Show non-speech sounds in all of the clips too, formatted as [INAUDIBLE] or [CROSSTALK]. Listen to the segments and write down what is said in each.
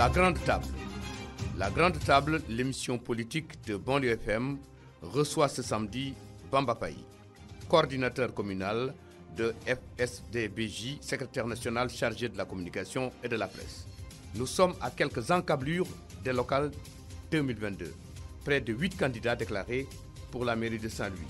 La Grande Table. La Grande Table, l'émission politique de Banlieue FM, reçoit ce samedi Bamba Paye, coordinateur communal de FSDBJ, secrétaire national chargé de la communication et de la presse. Nous sommes à quelques encablures des locales 2022. Près de 8 candidats déclarés pour la mairie de Saint-Louis.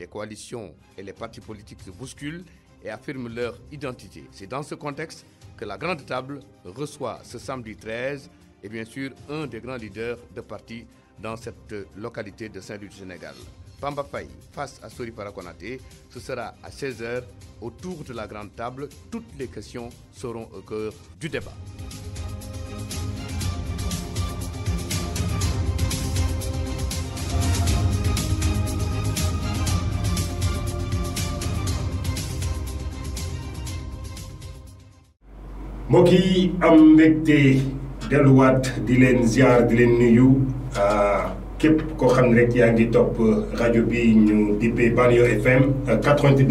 Les coalitions et les partis politiques se bousculent et affirment leur identité. C'est dans ce contexte que la Grande Table reçoit ce samedi 13 et bien sûr un des grands leaders de parti dans cette localité de Saint-Louis du Sénégal. Pamba Faye face à Sori Parakonate, ce sera à 16h autour de la Grande Table. Toutes les questions seront au cœur du débat. mbokk am mbégte delluwaat di leen ziar di leen nuyu ah, képp ko xam rek yaa ngi topp rajo bi ñu dippee Banlieue FM 98 ah, point 1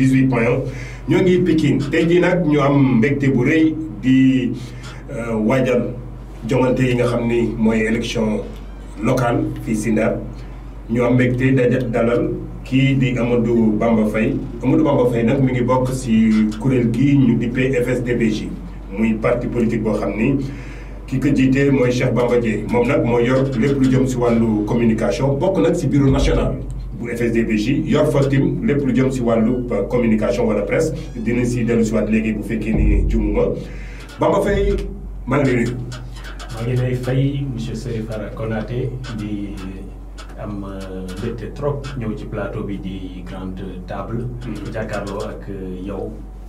ñoo ngi Pikine tey jii nag ñu am mbégte bu rëy di ah, waajal jongante yi nga xam ni mooy élection locale fii si ñu am mbégte dajat dalal kii di Amadou Bamba Faye Amadou Bamba Faye nag mi ngi bokk si kuréel gii ñu dippee FSDBJ muy parti politique boo xam ni ki ko jiitee mooy Cheikh Bamba Dièye moom nag moo yor lépp lu jëm si wàllu communication bokk nag si bureau national bu FSDBJ yor fa tim lépp lu jëm si wàllu euh, communication wala presse dina si dellu si waat léegi bu fekkee ni jumuma Bamba fay maa ngi lay maa ngi lay fay monsieur Sérifara Konaté di am euh, mbégte trop ñëw ci plateau bi di grande table. Mm-hmm. jàkkaarloo ak euh, yow.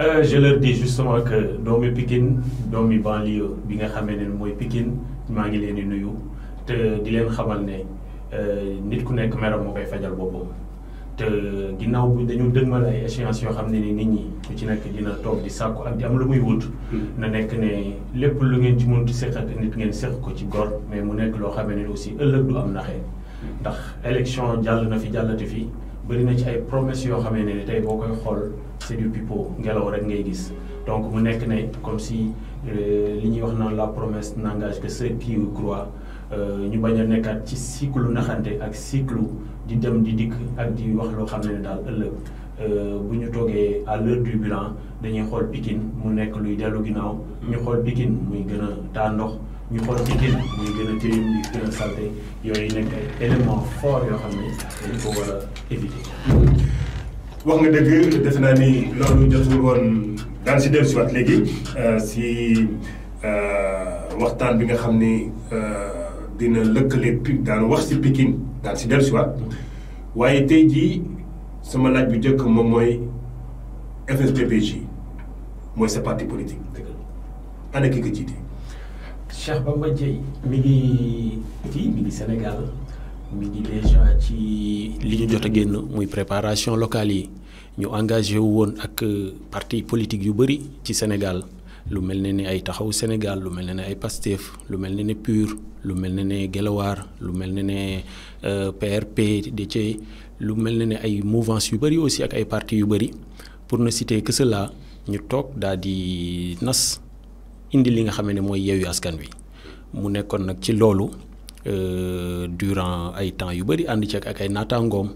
Euh, je leur dis justement que Domi Pikine Domi banlieue bi nga xamé né moy Pikine ma ngi leen nuyu di xamal euh, nit ku fajal té ginnaw dañu dëgmal ay échéance yo xamné nit ñi ci dina di ak lu muy wut. Hmm. na lu ngeen ci nit ngeen ko ci gor mais mu aussi hmm. élection fi bëri na ci ay promesses yoo xamee ne tey boo koy xool c'est du pipeau ngelaw rek ngay gis donc mu nekk ne comme si euh, li ñuy wax naan la promesse n'engage que ceux qui y croient euh, ñu bañ a nekkaat ci cycle naxante ak cycle di dem di dikk ak di wax loo xam ne daal ëllëg euh, bu ñu toogee à l'heure du bilan dañuy xool Pikine mu nekk luy dellu ginnaaw. ñu xool Pikine muy gën a taa ndox ñu xool ci a élément fort yoo xam éviter. wax nga dëgg naa ni loolu jotul woon daan si léegi euh, si euh, waxtaan bi nga xam ni euh, dina lëkkale pik daan wax si pikin daan si waaye tey jii sama laaj bu parti politique. dëgg ana ki Cheikh Bamba Dièye mi ngi Sénégal mi déjà ci li ñu préparation locale Nous ñu engagé wu ak euh, parti politique yu ci Sénégal lu mel ni ay Sénégal lu mel ay Pastef lu PUR lu mel ne lu PRP au lu mel ne euh, ay mouvance yu aussi ak ay parti yu pour ne citer que cela ñu toog daal nas. indi li nga xam ne mooy yeewu askan wi mu nekkoon nag ci loolu euh, durant ay temps yu bëri ànd ci ak ay naataangoom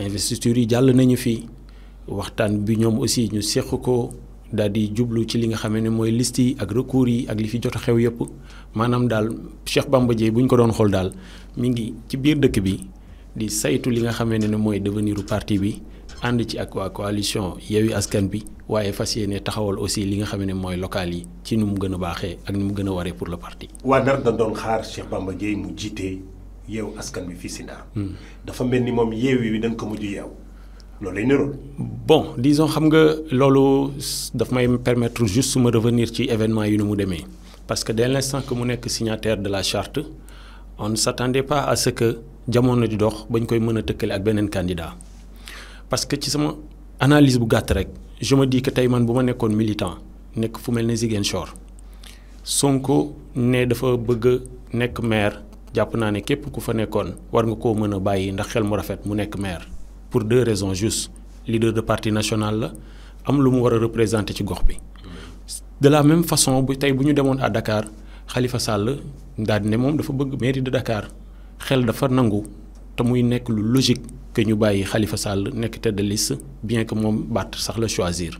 investiture yi jàll nañu fi waxtaan bi ñoom aussi ñu séq ko daal di jublu ci li nga xam ne mooy list yi ak recours yi ak li fi jot xew yëpp maanaam daal Cheikh Bamba Dièye bu ñu ko doon xool daal mi ngi ci biir dëkk bi di saytu li nga xam ne mooy deveniru partie bi. ànd ci ak waa coalition Yewwi Askan bi waaye fas yéene taxawal aussi li nga xam ne mooy local yi ci nu mu gën a baaxee ak nu mu gën a waree pour le parti. waa nar da doon xaar Cheikh Bamba Dièye mu jiite Yewwi Askan bi fii si Ndar. dafa mel ni moom Yewwi wi dañ ko mujj yeew loolu lay bon disons xam nga loolu daf may permettre juste ma revenir ci événement yi nu mu demee parce que dès l'instant que mu nekk signataire de la charte on ne s'attendait pas à ce que jamono di dox bañ koy mën a tëkkale ak beneen candidat parce que ci sama analyse bu gàtt rek je me dis que tey man bu ma nekkoon militant nekk fu mel ne Chor Sonko ne dafa bëgg nekk maire jàpp naa ne képp ku fa nekkoon war nga koo mën a bàyyi ndax xel mu rafet mu nekk maire pour deux raisons juste leader de parti national la am lu mu war a représenter ci gox bi. de la même façon bu tey bu ñu demoon à Dakar Khalifa Sall daal ne moom dafa bëgg mairie de Dakar xel dafa nangu te muy nekk lu logique que ñu baye Khalifa Sall bien que choisir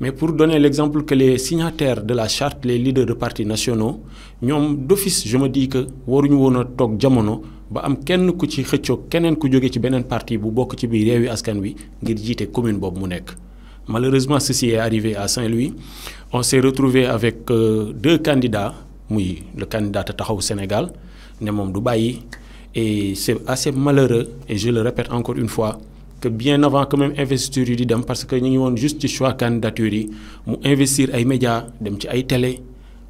mais pour donner l'exemple que les signataires de la charte les leaders de partis nationaux d'office je me dis que a jamono ba am kenn ku ci xëccoo keneen ku ci parti bu bokk ci biir Askan Wi ngir commune mu malheureusement ceci est arrivé à Saint-Louis on s'est retrouvé avec euh, deux candidats le candidat au Sénégal ne moom du et c'est assez malheureux, et je le répète encore une fois, que bien avant que même investiture yi parce que nous avons juste choix candidature nous investir ay médias dans les ay télé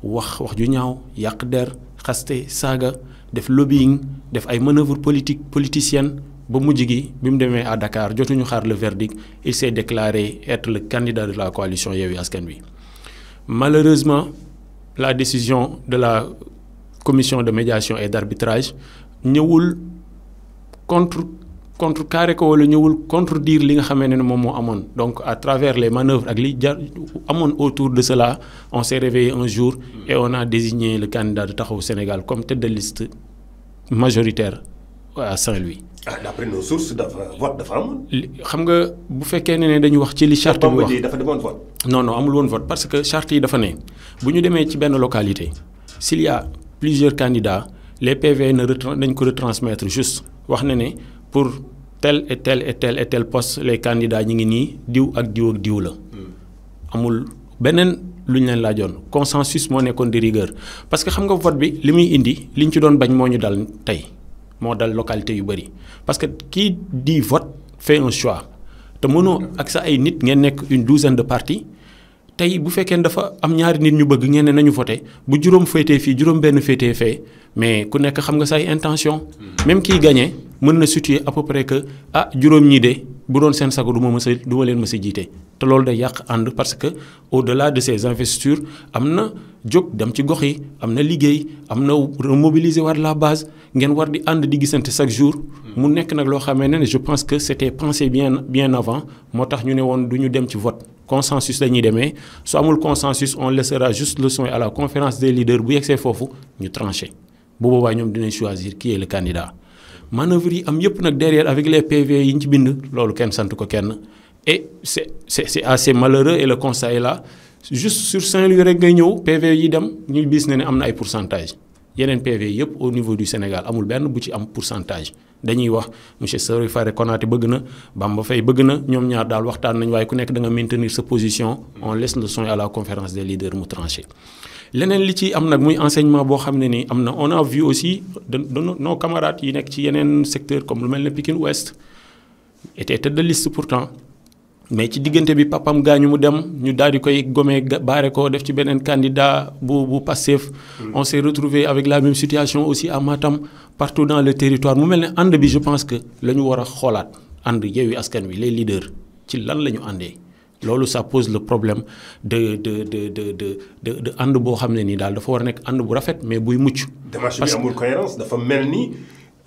wax wax ju ñaaw yàq der xaste les def lobbying def ay manœuvres politiques politiciennes ba mujj gi bi à Dakar jotuñu xaar le verdict il s'est déclaré être le candidat de la coalition Askan malheureusement la décision de la commission de médiation et d'arbitrage ñëwul contre contrecarrer ko wala ñëwul dire li nga xamee ne moom moo donc à travers les manœuvres ak li autour de cela on s'est réveillé un jour et on a désigné le candidat de au Sénégal comme tête de liste majoritaire à Saint-Louis. Ah, d'après nos sources dafa vote de amoon. xam nga bu fekkee ne dañu wax ci li charte bi wax dafa demoon vote. non non amul woon vote parce que charte yi dafa ne Si ñu demee ci une localité s'il y a plusieurs candidats les PV nañ ko retransmettre juste wax na ne pour tel et tel et tel et tel poste les candidats ñi ngi nii diw ak diw ak diw la. Hmm. amul beneen luñ ñu leen laajoon consensus moo nekkoon di rigueur parce que xam nga vote bi li muy indi liñ ci doon bañ moo ñu dal tey moo dal localité yu bëri parce que kii di vote fait un choix te mënoo ak sa ay nit ngeen nekk une douzaine de partis tey bu fekkee dafa am ñaari nit ñu bëgg ñeneen nañu voté bu juróom féetee fii juróom benn féetee fee mais ku nekk xam nga say intention. même kii gagné mën na situer à peu près que ah juróom ñii de bu doon seen sago du ma mës a du ma leen mës jiite. te loolu day yàq ànd parce que au delà de ces investitures am na jóg dem ci gox yi am na liggéey am na remobiliser war la base ngeen war di ànd di gisante chaque jour. mu nekk nag loo xamee ne je pense que c'était pensé bien bien avant moo tax ñu ne woon du ñu dem ci vote consensus la démé demee su amul consensus on laissera juste le soin à la conférence des leaders bu yexé fofu ñu trancher bu boobaa ñom dinañ choisir qui est le candidat manœuvre yi am yépp nak derrière avec les PV yi ci bind lolu kenn sant ko kenn et c'est c'est c'est assez malheureux et le constat est là juste sur Saint-Louis rek ngay ñëw PV yi dem ñu bis ne ne ay pourcentage yenen PV yépp au niveau du Sénégal amul benn bu ci am pourcentage dañuy wax monsieur Sori Faré Konaté bëgg na Bamba Fay bëgg na ñom ñaar daal waxtaan nañ way ku nekk da nga maintenir sa position on laisse le son à la conférence des leaders mu trancher. leneen li ci am nag muy enseignement boo xam ne ni am na on a vu aussi de nos camarades yi nekk ci yeneen secteur comme lu mel ne Pikine Ouest était tête de liste pourtant mais ci diggante bi papam gañu mu dem ñu daal di koy gomé baré ko def ci benen candidat bu bu passif mm. on s'est retrouvé avec la même situation aussi à Matam partout dans le territoire mu melni and bi je pense que lañu wara xolaat and xoolaat Askan Wi les leaders ci lan lañu andé lolu ça pose le problème de de de de de de de ànd boo xam ne nii daal dafa war a nekk bu rafet mais buy mucc. parce que démarche amul cohérence dafa mel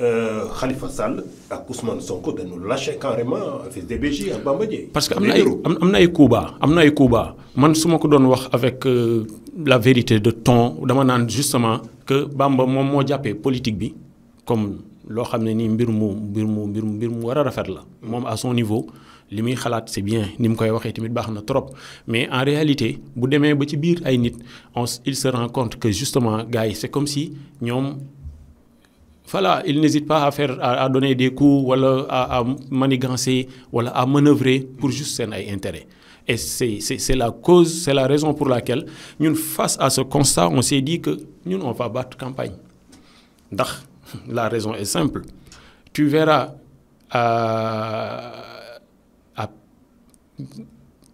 euh, Khalifa Sall ak Ousmane Sonko dañu lâché carrément fils de BJ ak Bamba parce que amna, ay amna na ay Kouba bas ay man su ko doon wax avec euh, la vérité de ton dama naan justement que Bamba mom mo jappé politique bi comme lo xamné ni mbir mu mbir mu mbir mu mbir mu rafet la mom à son niveau li muy xalaat c'est bien ni mu koy waxee tamit baax na trop mais en réalité bu demee ba ci biir ay nit on il se rend compte que justement gars yi c'est comme si ñoom voilà, il n'hésite pas à faire, à, donner des coups, à, manigancer, à manœuvrer pour juste ses intérêts. Et c'est la cause, c'est la raison pour laquelle, face à ce constat, on s'est dit que nous, on va battre campagne. la raison est simple. Tu verras euh, à,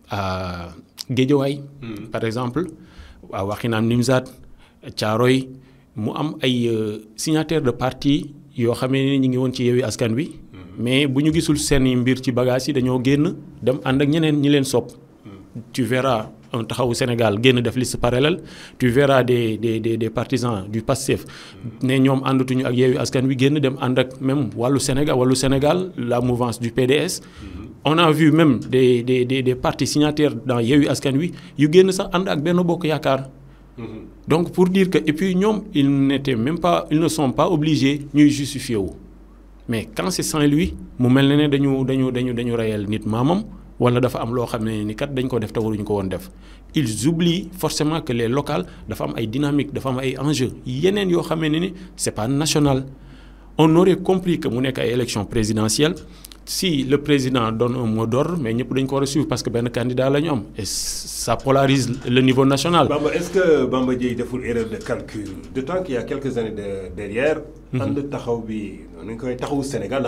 à, hmm. par exemple, à wakinam Nimzat, à Tcharoy, mu am ay euh, signataires de parti yoo xamee ne ñu ngi woon ci Yewwi Askan Wi. Mm-hmm. mais bu ñu gisul seeni mbir ci bagage yi dañoo génn dem ànd ak ñeneen ñi leen sopp. Mm-hmm. tu verras un taxawu Sénégal génn def liste parallèle tu verras des des des des partisans du PASTEF. Mm-hmm. ne ñoom àndatuñu ak Yewwi Askan Wi génn dem ànd ak même wàllu Sénégal wàllu Sénégal la mouvance du PDS. on a vu même des des des des partis signataires dans Yewwi Askan Wi yu génn sax ànd ak benn bokk yaakaar. Mhm. donc pour dire que et puis nous ils n'étaient même pas ils ne sont pas obligés ñuy justifier mais quand c'est sans lui mu mel ne dañu dañu dañu dañu rayel nit mamam wala dafa am lo xamné ni kat dañ ko def te waruñu ko won def ils oublient forcément que les locaux dafa am ay dynamique dafa am ay enjeux Yenen yo xamné ni c'est pas national on aurait compris que mu nek ay élection présidentielle si le président donne un mot d'ordre mais nous dañ ko suivre parce que y candidat la candidat. et ça polarise le niveau national. est-ce que Bamba fait une erreur de calcul De temps qu'il y a quelques années derrière. Mhm. ànd taxaw bi nu de koy au Sénégal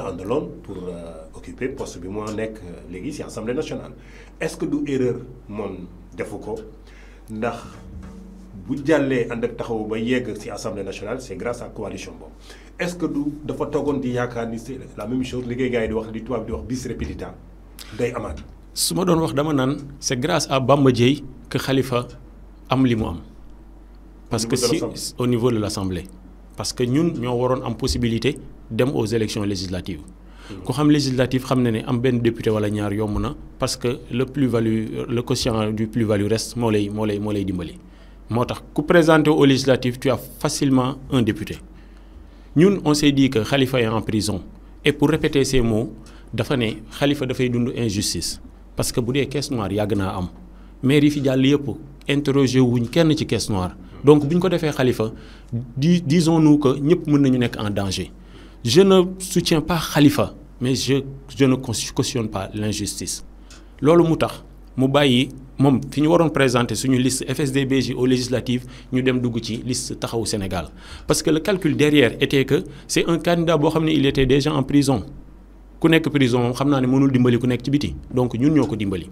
pour euh, occuper poste bi l'Assemblée nationale est-ce que du erreur mon defu ko ndax bu on a ak ba nationale c'est grâce à la coalition est-ce que du dafa togon di yaakaar ni c'est la même chose liggéey gars yi di wax di tubaab di wax bis repetita day amaat. su ma doon wax dama naan c'est grâce à Bamba que Khalifa am li mu am. parce que si au niveau de l'Assemblée parce que ñun ñoo waroon am possibilité dem aux élections législatives. Hmm. ko xam législative xam na ne am benn député wala ñaar yomb na parce que le plus-value le quotient du plus-value reste moo lay moo lay moo lay dimbali. moo tax ku présenté aux législatives tu as facilement un député. Nous, on s'est dit que Khalifa est en prison et pour répéter ces mots dafa a Khalifa dafay dund injustice parce que boudé une caisse noire yàgg naa am maire yi fi jall faut interroger wuñ kenn ci caisse noire donc buñ ko fait Khalifa disons-nous que nous mën nañu en danger je ne soutiens pas Khalifa mais je ne cautionne pas l'injustice lolu mutax mu mom fi ñu waroon présenter suñu liste fsd au législatif, législatives ñu dem dugg ci liste taxawu Sénégal parce que le calcul derrière était que c'est un candidat boo xam ne il était déjà en prison ku nekk prison moom xam naa ne mënul dimbali ku nekk ci biti donc ñun ñoo ko dimbali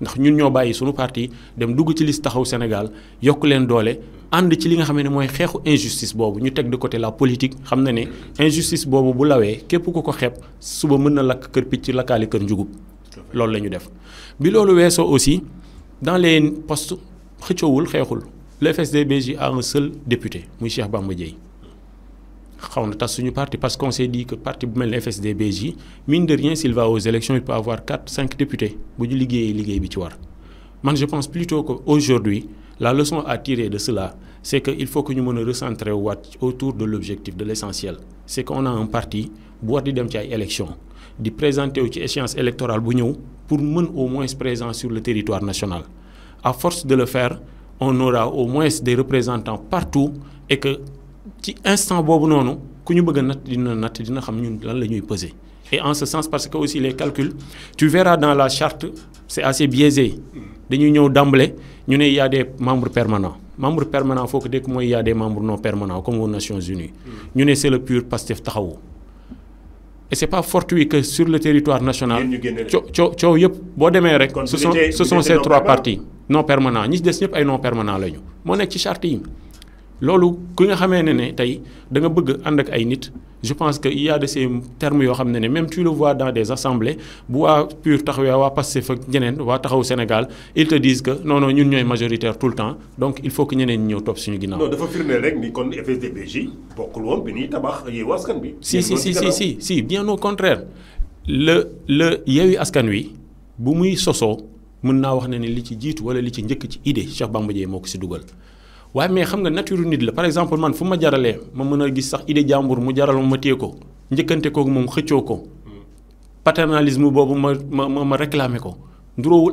ndax ñun ñoo bàyyi suñu parti dem dugg ci liste taxaw Sénégal yokk leen doole ànd ci li nga xam ne mooy xeexu injustice boobu ñu teg de côté la politique xam na ne injustice boobu bu lawee képp ku ko xeeb suba mën na lakk kër picc lakkaale kër njugub loolu la ñu def bi loolu weesoo aussi dans les postes l'FSDBJ le FSDBJ a un seul député M. Cheikh Bamba On xaw le parti parce qu'on s'est dit que parti bu mel mine de rien s'il va aux élections il peut avoir 4-5 députés bu ñu liggéeyee liggéey bi ci war je pense plutôt qu'aujourd'hui, la leçon à tirer de cela c'est qu'il faut que nous nous recentrions recentrer autour de l'objectif de l'essentiel c'est qu'on a un parti bu war di dem ci ay élections di présenter ci échéance électorale bu ñëw pour être au moins présent sur le territoire national. À force de le faire, on aura au moins des représentants partout et que ci instant on noonu ku ñu dina et en ce sens parce que aussi les calculs tu verras dans la charte c'est assez biaisé dañuy ñëw d'emblée il y a des membres permanents permanents, permanents, faut que que qu'il y a des membres non permanents comme aux Nations Unies mm. Nous, c'est le pur Pastef taxawu et c'est pas fortuit que sur le territoire national ce sont ces trois parties non permanents. ñi ne des pas non permanents. lañu mo moo qui ci charte yi loolu ku nga xamé ne tay da nga bëgg je pense que il y a de ces termes yo xamné même tu le vois dans des assemblées bu PUR taxawee waa Pastef ak ñeneen waa taxaw Sénégal ils te disent que non non ñun ñoy majoritaire tout le temps donc il faut que ñenen ñeu top suñu ginnaaw. non dafa firndeel rek ni kon FSDBJ bokkul woon bi ñuy tabax yi waskan bi si si si si si si bien au contraire le le yewi Askan Wi bu muy soso mën naa wax ne ne li ci jiitu wala li ci njëkk ci idée Cheikh Bamba moo ko si dugal waaye mais xam nga nature nit la par exemple man fu ma ma mën gis sax idée jàmbur mu jaral ma ko njëkkante ko paternalisme boobu ma réclamé ko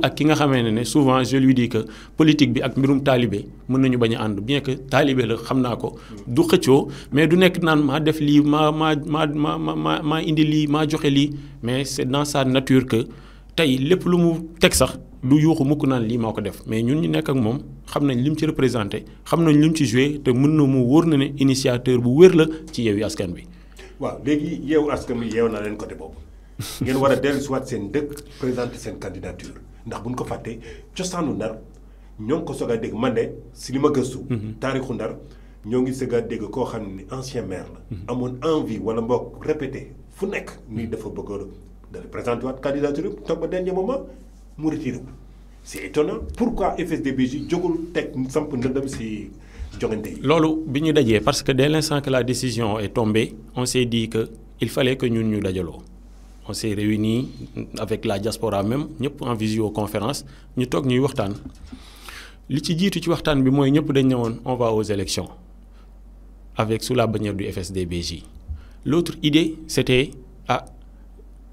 ak ki nga souvent je lui dis que politique bi ak bien que Talibé la ko du mais du nekk naan maa def lii maa maa maa maa maa indi mais c'est dans sa nature que tey lépp lu mu teg sax lu yuuxu mukk naan lii maa ko def mais ñun ñu nekk ak moom xam nañ lim ci représenté xam nañ lim ci joué te mën na mu wóor na ne initiateur bu wér la ci Yewwi Askan Wi. waaw léegi Yewwi Askan Wi yeew na leen côté boobu ngeen war a dellusiwaat seen dëkk présenter seen candidature ndax buñ ko fàttee cosaanu ndar ñoo ngi ko soog a dégg man de si li ma gëstu. Mhm. taarixu ndar ñoo ngi soog a dégg koo xam ne ancien maire la. Mhm. amoon envie wala mbokk répété fu nekk nii dafa bëgg de présenter votre candidature toog au dernier moment vous C'est C'est étonnant pourquoi FSDBJ, ne peut teg samp ndëndam si joŋante yi. parce que dès l'instant que la décision est tombée on s'est dit qu'il fallait que nous nous dajaloo on s'est réuni réunis avec la diaspora même ñëpp en visioconférence nous avons ñuy waxtaan li ci jiitu ci on va aux élections avec sous la bannière du FSDBJ. L'autre idée c'était... à ah,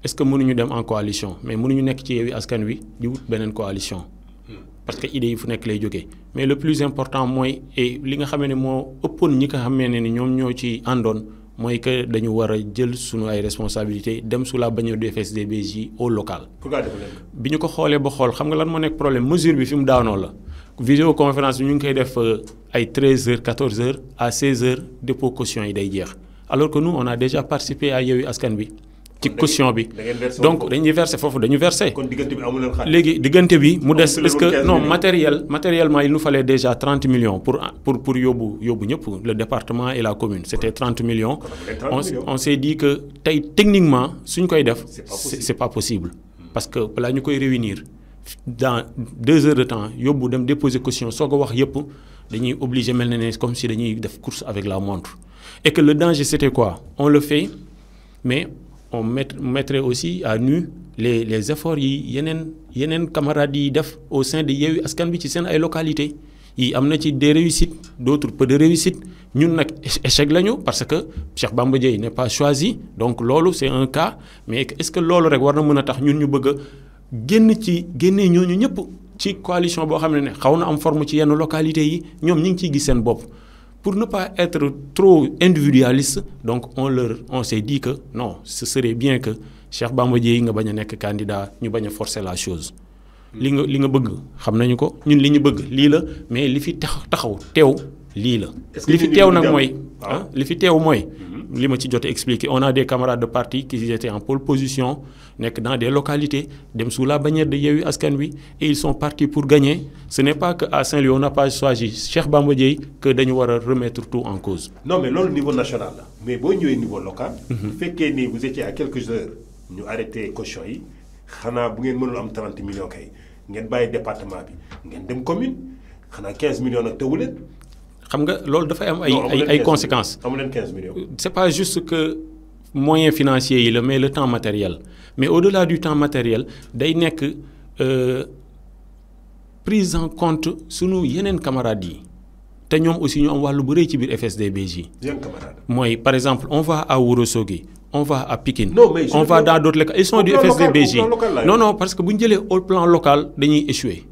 est-ce que mënuñu dem en coalition mais mënuñu nekk ci Yewwi Askan Wi di wut beneen coalition hmm. parce que idée yi fu nekk lay jógee mais le plus important c'est li nga que ne moo ëppoon ñi nga xamee ne ni ñoom ñoo ci àndoon que dañu wara jël suñu ay responsabilités dem sous la bannière de FSDBJ au local. biñu ko xolé ba xol xam nga lan mo nek problème mesure bi fi daano la. visioconférence conférence ñu ngi koy def euh, ay 13h 14h à 16h dépôt caution yi day jeex alors que nous on a déjà participé à yewi Askan Wi ci caution bi donc dañuy versé foofu dañu versé léegi diggante bi mu des que non matériel matériellement il nous fallait déjà 30 millions pour pour pour le département et la commune c'était 30 millions on s'est dit que techniquement suñ koy def c'est pas possible parce que balaa ñu koy réunir dans deux heures de temps yóbbu dem déposer caution soo ko wax yëpp dañuy obligé mel comme si dañuy def course avec la montre et que le danger c'était quoi on le fait mais on met, mettrait aussi à nu les les efforts yi yenen yeneen camarades yi def au sein de Yewwi Askan bi ci sen ay localités yi amna ci des réussites d'autres peu de réussites ñun nak échec lañu parce que Cheikh Bamba Dièye n'est pas choisi donc lolu c'est un cas mais est-ce que lolu rek war na mën tax ñun ñu bëgg génn ci génné ñoñu ñëpp ci coalition bo xamné ne ne am forme ci yenn localités yi ñom ñing ci ciy gis seen bopp pour ne pas être trop individualiste, donc on, leur, on s'est dit que non, ce serait bien que Cheikh Bamba Dièye nga bañ candidat ñu bañ forcer la chose. li nga li nga bëgg xam nañu ko ñun li bëgg lii la mais li fi tax taxaw teew lii la. Ah, li fi teew nag mooy. li fi li ci expliquer on a des camarades de parti qui étaient en pole position dans des localités dem sous la bannière de yewi Askan et ils sont partis pour gagner ce n'est pas que à Saint-Louis on n'a pas choisi Cheikh Bamba que dañu wara remettre tout en cause. non mais le niveau national mais bo au niveau local. le mhm. fait ni vous étiez à quelques heures ñu arrêté caution yi xana bu ngeen mënul 30 millions kay ngeen baye département bi ngeen dem commune xana 15 millions de toilettes xam nga loolu dafa am ay ay ay conséquences. amu leen 15 millions. c'est pas juste que moyens financiers yi la mais le temps matériel mais au-delà du temps matériel day nekk euh, prise en compte sunu yeneen camarades yi te ñoom aussi ñu am wàllu bu rëy ci biir FSDBJ. yeneen camarades mooy par exemple on va à Ourossogui on va à Pikine on va dans d'autres cas ils sont du FSDBJ non non parce que bu ñu jëlee au plan local dañuy échouer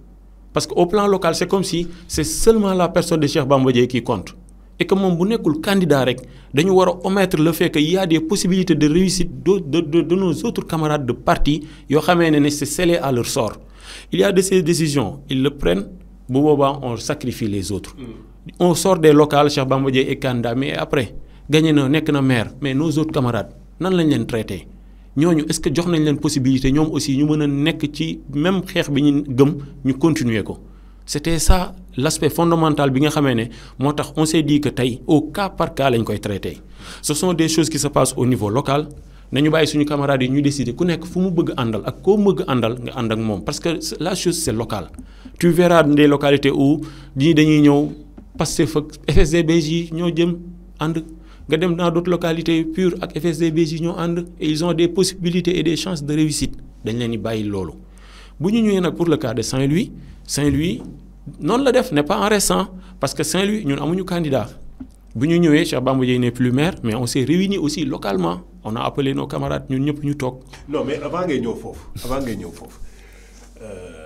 parce qu'au plan local c'est comme si c'est seulement la personne de Cheikh Bambadjé qui compte et que on bu le candidat rek dañu war omettre le fait qu'il y a des possibilités de réussite de nos autres camarades de parti qui sont à leur sort il y a de ces décisions ils le prennent on sacrifie les autres. Mm. on sort des locales Cheikh Bambadjé et Kanda, mais après gagné na les na maire mais nos autres camarades nan les leen traité ñooñu est-ce que jox nañ leen possibilité ñoom aussi ñu mën a nekk ci même xeex bi ñu gëm ñu continuer ko c'était ça l'aspect fondamental bi nga xamee ne moo tax on s'est dit que tey au cas par cas lañ koy traité ce sont des choses qui se passent au niveau local nañu bàyyi suñu camarades yi ñu décider ku nekk fu mu bëgg àndal ak koo bëgg àndal nga ànd ak moom parce que la chose c'est local tu verras des localités où ñii dañuy ñëw Pastef fa fsd ñoo jëm ànd nga dem dans d'autres localités pure ak fsdb et ils ont des possibilités et des chances de réussite dañ leen di bàyyi loolu. bu ñu pour le cas de Saint-Louis Saint-Louis non la def n'est pas en récent hein, parce que Saint-Louis ñun amuñu candidat bu ñu ñëwee Cheikh Bamba Dièye n'est plus maire mais on s'est réuni aussi localement on a appelé nos camarades ñun ñëpp ñu toog. non mais avant ngay ñëw foofu avant ngay ñëw euh,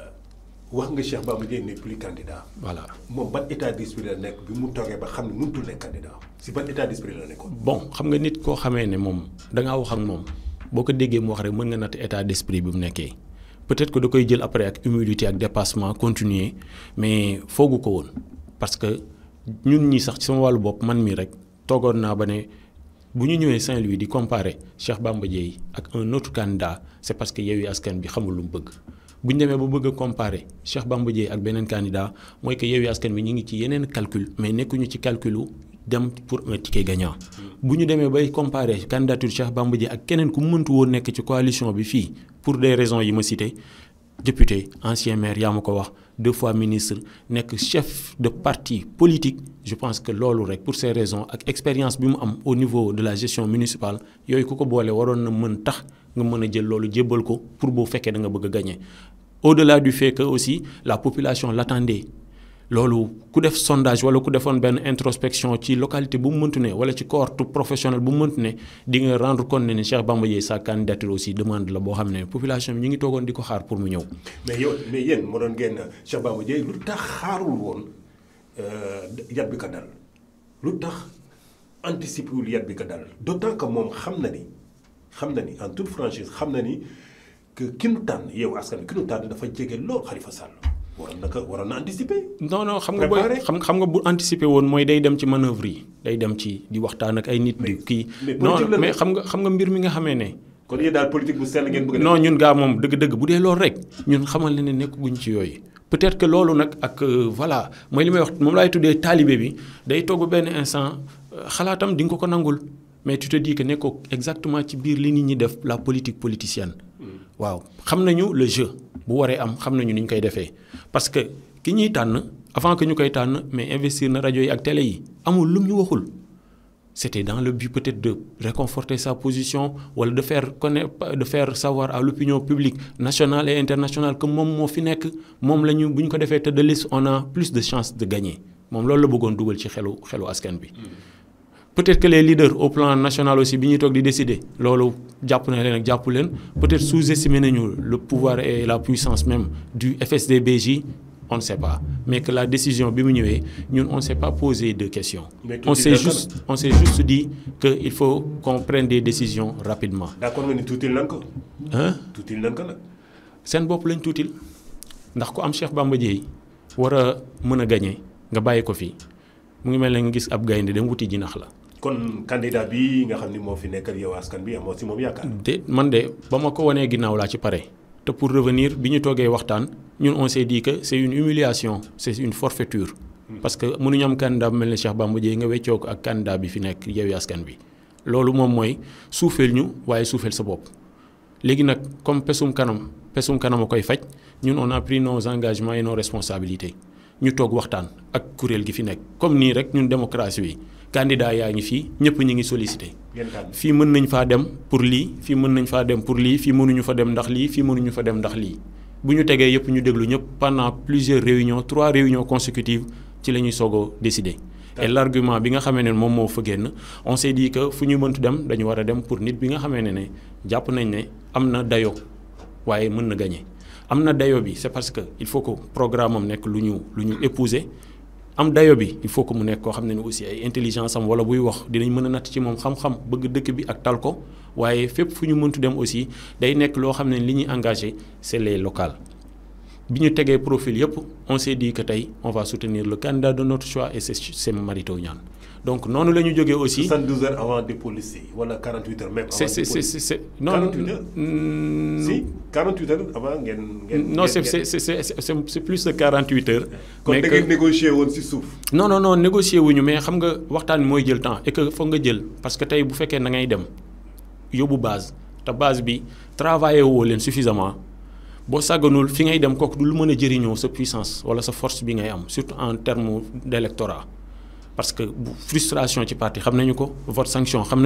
wax nga Cheikh Bamba Dièye ne plus candidat. voilà moom ban état d'esprit la nek bi mu toogee ba xamni ne mënutul nek candidat si ban état d'esprit la nek. bon xam nga nit ko xamé né mom da nga wax ak mom. Boko déggé mo wax rek mën nga natt état d'esprit bi mu néké. peut-être que da koy jël après ak humilité ak dépassement continuer mais fogu ko won parce que ñun ñi sax ci sama walu bop man mi rek togon na ba né bu ñu ñëwee Saint-Louis di comparer Cheikh Bamba Dièye ak un autre candidat c'est parce que Yewwi Askan bi xamul lu bëgg bu démé bu bëgg comparer Cheikh Bamba Dièye ak benen candidat moy que Yewwi Askan Wi ñi ngi ci yenen calcul mais nekkuñu ci calculu dem pour un ticket gagnant. on démé comparer bay comparer candidature Cheikh Bamba Dièye ak kenen ku mëntu woon nekk ci coalition bi fi pour des raisons yi ma cité député ancien maire yaa wax deux fois ministre nekk chef de parti politique je pense que lolu rek pour ces raisons ak expérience bi mu am au niveau de la gestion municipale yoy ku ko bolé waron na mën tax nga mën a jël loolu jébbal ko pour bu fekkee da nga bëgg a gagné au-delà du fait que aussi la population l'attendait loolu ku def sondage wala ku defoon benn introspection ci localité bu mu mëntu ne wala ci cohorte professionnel bu mu mëntu ne di nga rendre compte ne Cheikh Bamba Dièye sa candidature aussi demande la boo xam ne population bi ñu ngi toogoon di ko xaar pour mu ñëw. mais yow mais yéen moo doon génn Cheikh Bamba Dièye lu tax xaarul woon euh, yat bi ka dal lu tax anticiper wul yat bi ka dal d'autant que moom xam na ni. xam na ni en toute xam na ni ki nu tànn yow askan ki nu tànn dafa jege lool Khalifa Sall. waroon na ko waroon na anticiper. non non xam nga booy xam xam nga bu anticiper woon mooy day dem ci manœuvre yi. day dem ci di waxtaan ak ay nit. di kii non mais xam nga xam nga mbir mi nga xamee ne. kon yéen daal politique bu ñun gaa moom dëgg-dëgg bu dee loolu rek ñun xamal ne nekk nekkaguñ ci yooyu. peut-être que loolu nag ak euh, voilà mooy li may wax moom laay tuddee taalibe bi day togg benn instant euh, xalaatam di nga ko ko nangul. mais tu te dis que neko exactement ci bir li nit ñi def la politique politicienne. waaw xam nañu le jeu bu waré am xam nañu ni koy défé parce que ki ñuy tànn avant que ñu koy tànn mais investir na radio yi ak télé yi amul lum ñu waxul. c'était dans le but peut-être de réconforter sa position wala de faire connaître de faire savoir à l'opinion publique nationale et internationale que mom mo fi nek mom lañu buñ ko défé te de liste on a plus de chances de gagner mom loolu la bëggoon dugal ci xélo xélo askan bi peut-être que les leaders au plan national aussi bi tok di décider lolu jàpp na ak peut-être sous-estimé nañu le pouvoir et la puissance même du FSDBJ. on ne sait pas mais que la décision bi mu ñëwee ñun on s'est pas posé de questions. on s'est juste on s'est juste dit que il faut qu'on prenne des décisions rapidement. d'accord mais tout tout nank Hein Tout il nank C'est la. sen bop lañ il ndax ko am Cheikh Bamba Dièye war a gagner nga bayiko fi mu ngi mel ne gis ab gaynde dem wuti la kon candidat bi nga xam ni moo fi nekkal yow askan bi amoo si moom yaakaar. déet man de ba ma ko wanee ginnaaw laa ci pare te pour revenir bi ñu toogee waxtaan ñun on s'est dit que c'est une humiliation c'est une forfaiture. Hmm. parce que mënuñu am candidat bu mel ne Cheikh Bamba Dièye nga weccoo ak candidat bi fi nekk yow askan bi loolu moom mooy suufeel ñu waaye suufeel sa bopp. léegi nag comme pesum kanam pesum kanam a koy faj ñun on a pris nos engagements et nos responsabilités ñu toog waxtaan ak kuréel gi fi nekk comme nii rek ñun démocratie bi candidat yaa ngi fii ñëpp ñu ngi sollicité fii mën nañ faa dem pour lii fii mën nañ faa dem pour lii fii mënuñu fa dem ndax lii fii mënuñu fa dem ndax lii bu ñu tegee yëpp ñu déglu ñëpp pendant plusieurs réunions trois réunions consécutives ci la ñuy soog décider et l' argument bi nga xamee ne moom moo fa génn on s' est dit que fu ñu mëntu dem dañu war a dem pour nit bi nga xamee ne ne jàpp nañ ne am na dayo waaye mën na gagné am na dayo bi c' est parce que il faut que programme am nekk lu ñu lu ñu épouser am dayo bi il faut que mu nekk koo xam ne ni aussi ay intelligence am wala buy wax dinañ mën a natt ci moom xam-xam bëgg dëkk bi ak tal ko waaye fépp fu ñu mëntu dem aussi day nekk loo xam ne li ñuy engagé c'est les locales bi ñu tegee profil yëpp on s'est dit que tey on va soutenir le candidat de notre choix et c'est Mary Teuw Niane donc nous avons ñu aussi. 72 heures avant de policiers. Voilà 48 heures même. avant c'est c'est c'est non 48 heures mm, mm, si 48 heures avant ngeen. ngeen non c'est c'est c'est c'est plus de 48 heures. Quand vous avez négocier on si souffle non non non négocier wuñu mais xam nga waxtaan mooy jël temps et que foog nga jël parce que tey bu fait. na ngay dem Yobu base Ta base bi travaillé suffisamment. Bo sàgganul fi ngay dem kok du lu mën a jëriñoo sa puissance wala sa force bi ngay am surtout en terme d'électorat parce que frustration ci parti xam sanction xam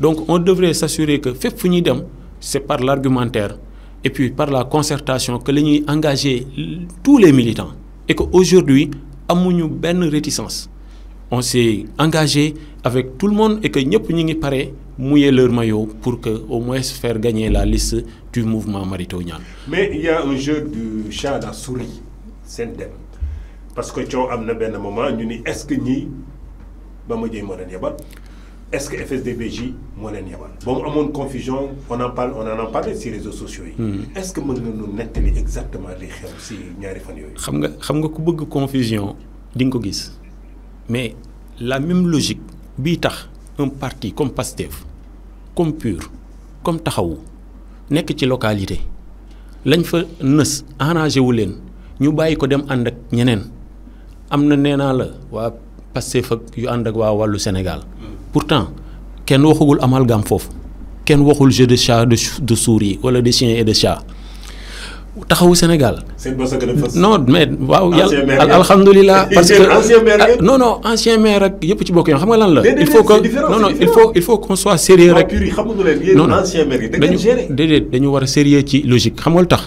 donc on devrait s'assurer que fep c'est par l'argumentaire et puis par la concertation que l'on engager tous les militants et que aujourd'hui une bonne réticence on s'est engagé avec tout le monde et que ñep ñi ngi mouiller leur maillot pour que au moins faire gagner la liste du mouvement maritonien. mais il y a un jeu du chat à la souris c'est thème parce que coow amna ben moment ñu ni est-ce que ñi ba ma jey moo leen est-ce que FSDBJ moo leen yebal ba confusion on en parle on en a parlé les réseaux sociaux hmm. est-ce que mën nga exactement li xew si ñaari fan yoy xam nga xam nga ku bëgg confusion di nga ko gis mais la même logique bi tax un parti comme PASTEF comme PUR comme taxawu nek ci localité lañ fa neus arrangé wu leen ñu bayiko dem ànd ak ñeneen amna na la wa Pastef ak yu ànd ak waa wàllu Sénégal pourtant kenn waxagul amalgame foofu ken waxul jeu de chat de souris wala de chien et de chat taxawu Sénégal. non mais waaw yàlla alhamdulilah. [LAUGHS] parce que ah, non non ancien maire rek yëpp ci bokk yoon xam nga lan la. il faut que non non il faut il faut qu'on soit sérieux rek. Ah, non non dañu déedéet dañu war a sérieux ci logique xam nga lu tax.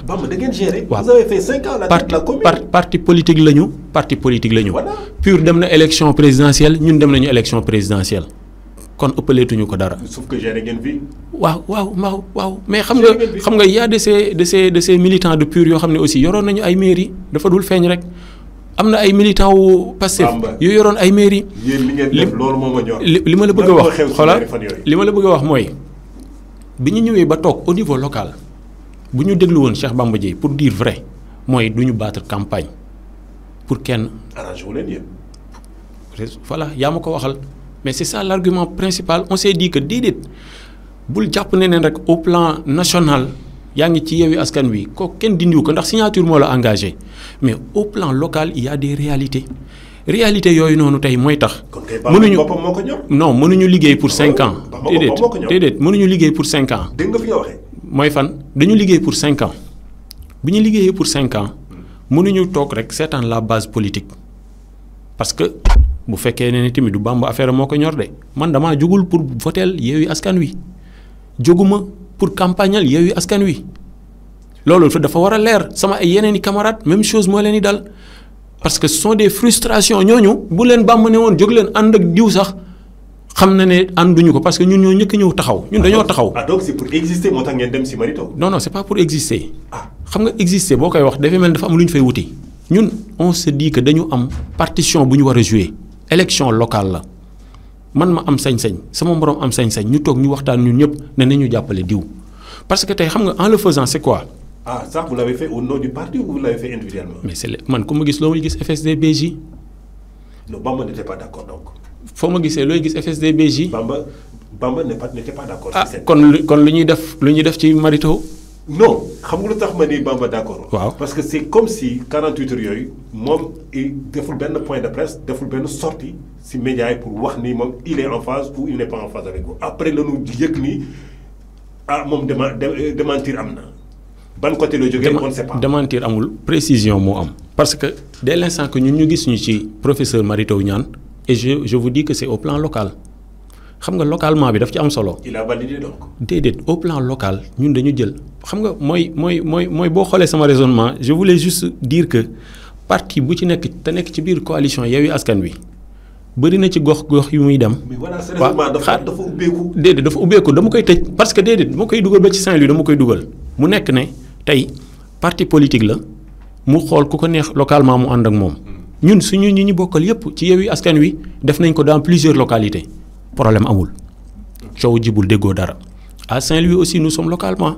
waaw parti parti politique la ñu. parti politique la ñu. pur dem na élection présidentielle ñun dem nañu élection présidentielle. kon ëppaleetuñu ko dara. sauf que géré waaw waaw waaw mais xam nga xam nga y a de ces de ces de ces militants de pur yoo xam ne aussi yoroon nañu ay mairie dafa dul feeñ rek. am na ay militants wu Pastef yu yoroon ay mairie li ma la bëgg a wax xoola li ma la bëgg wax mooy bi ñu ñëwee ba toog au niveau local bu ñu déglu woon Cheikh Bamba Dièye pour dire vrai mooy du ñu battre campagne pour kenn arrangé yaa ma ko waxal mais c'est ça l'argument principal on s'est dit que bul rek au plan national ngi Askan Wi ko ken signature mo la engagé mais au plan local il y a des réalités réalité yooyu a tay moy tax. mënuñu non mënuñu liggéey pour 5 ans. dit déedéet mënuñu liggéey pour cinq ans. dégg nga fi waxé. Moy pour 5 ans bu ñu pour cinq ans tok rek la base politique parce que bu fekkee ne tamit du Bamba affaire moo ñor de man y jógul pour campagne, Askan Wi jóguma pour Askan Wi loolu dafa leer sama yeneen i camarades même chose moo leen dal parce que ce sont des frustrations ñooñu bu leen ne woon jóg leen ànd ak diw sax xam na ne ko parce que ñun ñoo ñëkk ñëw taxaw. ñun ah, taxaw ah donc c'est pour exister dem Marito. non non c'est pas pour exister. Ah. xam nga exister boo wax mel dafa am on se dit que dañu am partition bu élection locale la man ma am sañ-sañ sama moroom am sañ-sañ ñu tok ñu waxtaan ñun ñëpp né nañu jappalé diw parce que tay xam nga en le faisant c'est quoi. ah ça vous l'avez fait au nom du parti ou vous l'avez fait individuellement. mais c'est man ko mu gis loo may gis FSD/BJ. non Bamba n'était pas d'accord donc. fo ma gisee looy gis FSD/BJ. Bamba Bamba n'était pas d'accord. ah kon kon lu ñuy def lu ñuy def ci Marito non je ne sais pas si je Bamba d'accord. parce que c'est comme si 48 heures yooyu moom deful un point de presse deful benn sortie si les médias pour wax ni moom il est en phase ou il n'est pas en phase avec vous après nous ñu que ni ah moom De, démentir am na ban côté la jógee. on ne sait pas démentir amul précision moo am. parce que dès l'instant que nous nous disons ñu ci professeur Marito Teuw et je je vous dis que c'est au plan local xam nga localement bi daf ci am solo. il a validé donc. déedéet au plan local ñun dañu jël xam nga mooy mooy mooy mooy boo xoolee sama raisonnement je voulais juste dire que parti bu ci nekk te nekk ci biir coalition Yewwi Askan Wi bëri na ci gox gox yu muy dem. waaw dafa dafa ubbeeku. déedéet dafa ubbeeku dama koy tëj parce que déedéet moo koy dugal ba ci Saint-Louis dama koy dugal mu nekk ne tey parti politique la mu xool ku ko neex localement mu ànd ak moom. Hmm. ñun suñu ñi ñu bokkal yépp ci Yewwi Askan Wi def nañ ko dans plusieurs localités problème amul vous jibul dego dara à Saint-Louis aussi nous sommes localement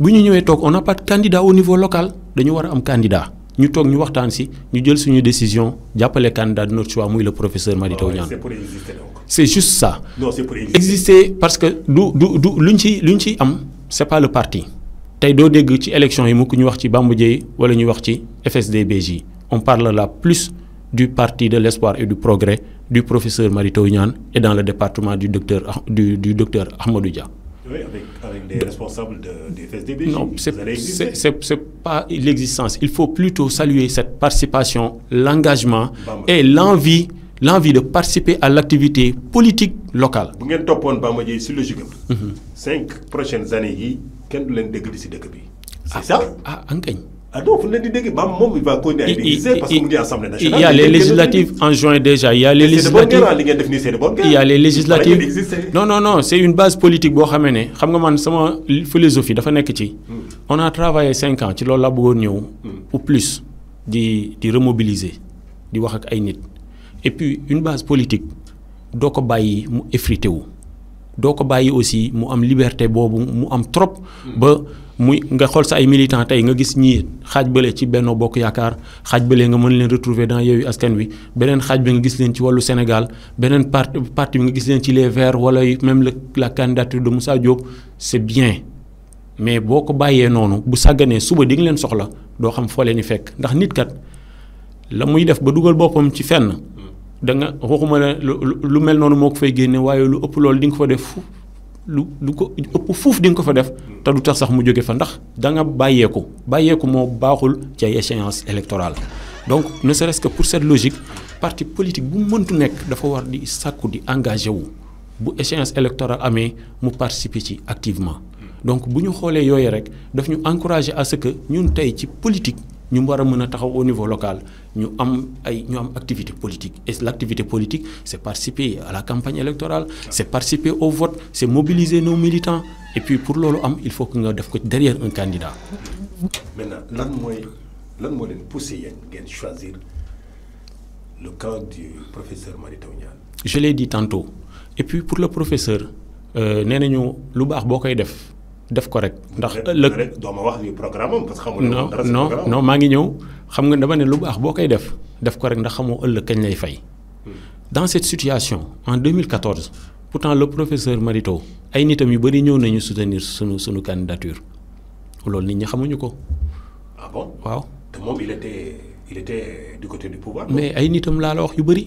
bu ñu ñëwee on n'a pas de candidat au niveau local dañu wara a am candidat ñu tok ñu waxtaan si ñu jël suñu décision jappelé candidat de notre choix le professeur Mary ah c'est juste ça exister parce que du du du luñ ci luñ am c'est pas le parti tay do dégg ci élection yi mukk ñu wax ci Bamba wala ñu wax ci fsd on parle là plus du parti de l'espoir et du progrès du professeur Marito Ignan et dans le département du docteur, du, du docteur Ahmadou avec, avec responsables de, FSDB. Non, c'est pas l'existence. Il faut plutôt saluer cette participation, l'engagement et l'envie l'envie de participer à l'activité politique locale. Vous mhm. cinq prochaines années qui est du leen vous ci c'est ah, ça ah, ah, a dɔw fana ni dégg maa mɔgɔ min b'a ko ne bah, révisé parce qu'on dit Assemblée nationale. Il y a les législatives en juin déjà. Il y a les législatives. Il y a les législatives. Non, non, non. C'est une base politique boo xamee ne xam nga man sama philosophie dafa nekk ci. Hmm. on a travaillé 5 ans ci loolu laa bëggoon ou hmm. plus di di remobiliser di wax ak ay nit. et puis une base politique doo ko bàyyi mu effrité wu. doo ko bàyyi aussi mu am liberté boobu mu am trop hmm. ba muy nga xol sa ay militants tay nga gis ñii xaaj bële ci Benno Bokk yakar xaaj bële nga mën leen retrouver dans Yewwi Askan Wi benen xaaj bi nga gis leen ci walu Sénégal benen parti parti nga gis leen ci les Verts wala même la candidature de Moussa Diop c'est bien mais boko ko bàyyee bu sagane suba di nga leen soxla do xam fo leen di fekk ndax nit kat la muy def ba duggal bopam ci fenn da nga waxuma lu mel noonu moko fay génne waaye lu ëpp loolu di nga fa def lu lu ko ëpp fuuf di nga ko fa def te du tax sax mu jóge fa ndax da nga bàyyeeku bàyyeeku moo baaxul ci ay échéance électorale donc ne serait-ce pour cette logique parti politique bu mëntu nekk dafa war di sàkku di engagé wu bu échéance électorale amee mu participer ci activement donc bu ñu xoolee yooyu rek daf ñu encouragé à ce que ñun tey ci politique nous avons a au niveau local Nous avons activité politique et l'activité politique c'est participer à la campagne électorale c'est participer au vote c'est mobiliser nos militants et puis pour cela il faut que nga def derrière un candidat. maintenant vous choisir le camp du professeur je l'ai dit tantôt et puis pour le professeur euh, nous avons lu baax boo def def ko rek ndax ëllëg doo ma wax li programme parce que xamul non non non ma ngi ñëw xam nga dama ne lu baax bokay def def ko rek ndax xamoo ëllëg kañ lay fay. Hmm. dans cette situation en 2014 pourtant le professeur Marito ay nitam yu bari ñëw nañu soutenir suñu suñu candidature loolu nit ñi xamuñu ko. ah bon waaw. te moom il était il était du côté du pouvoir. mais ay nitam laa la wax yu bari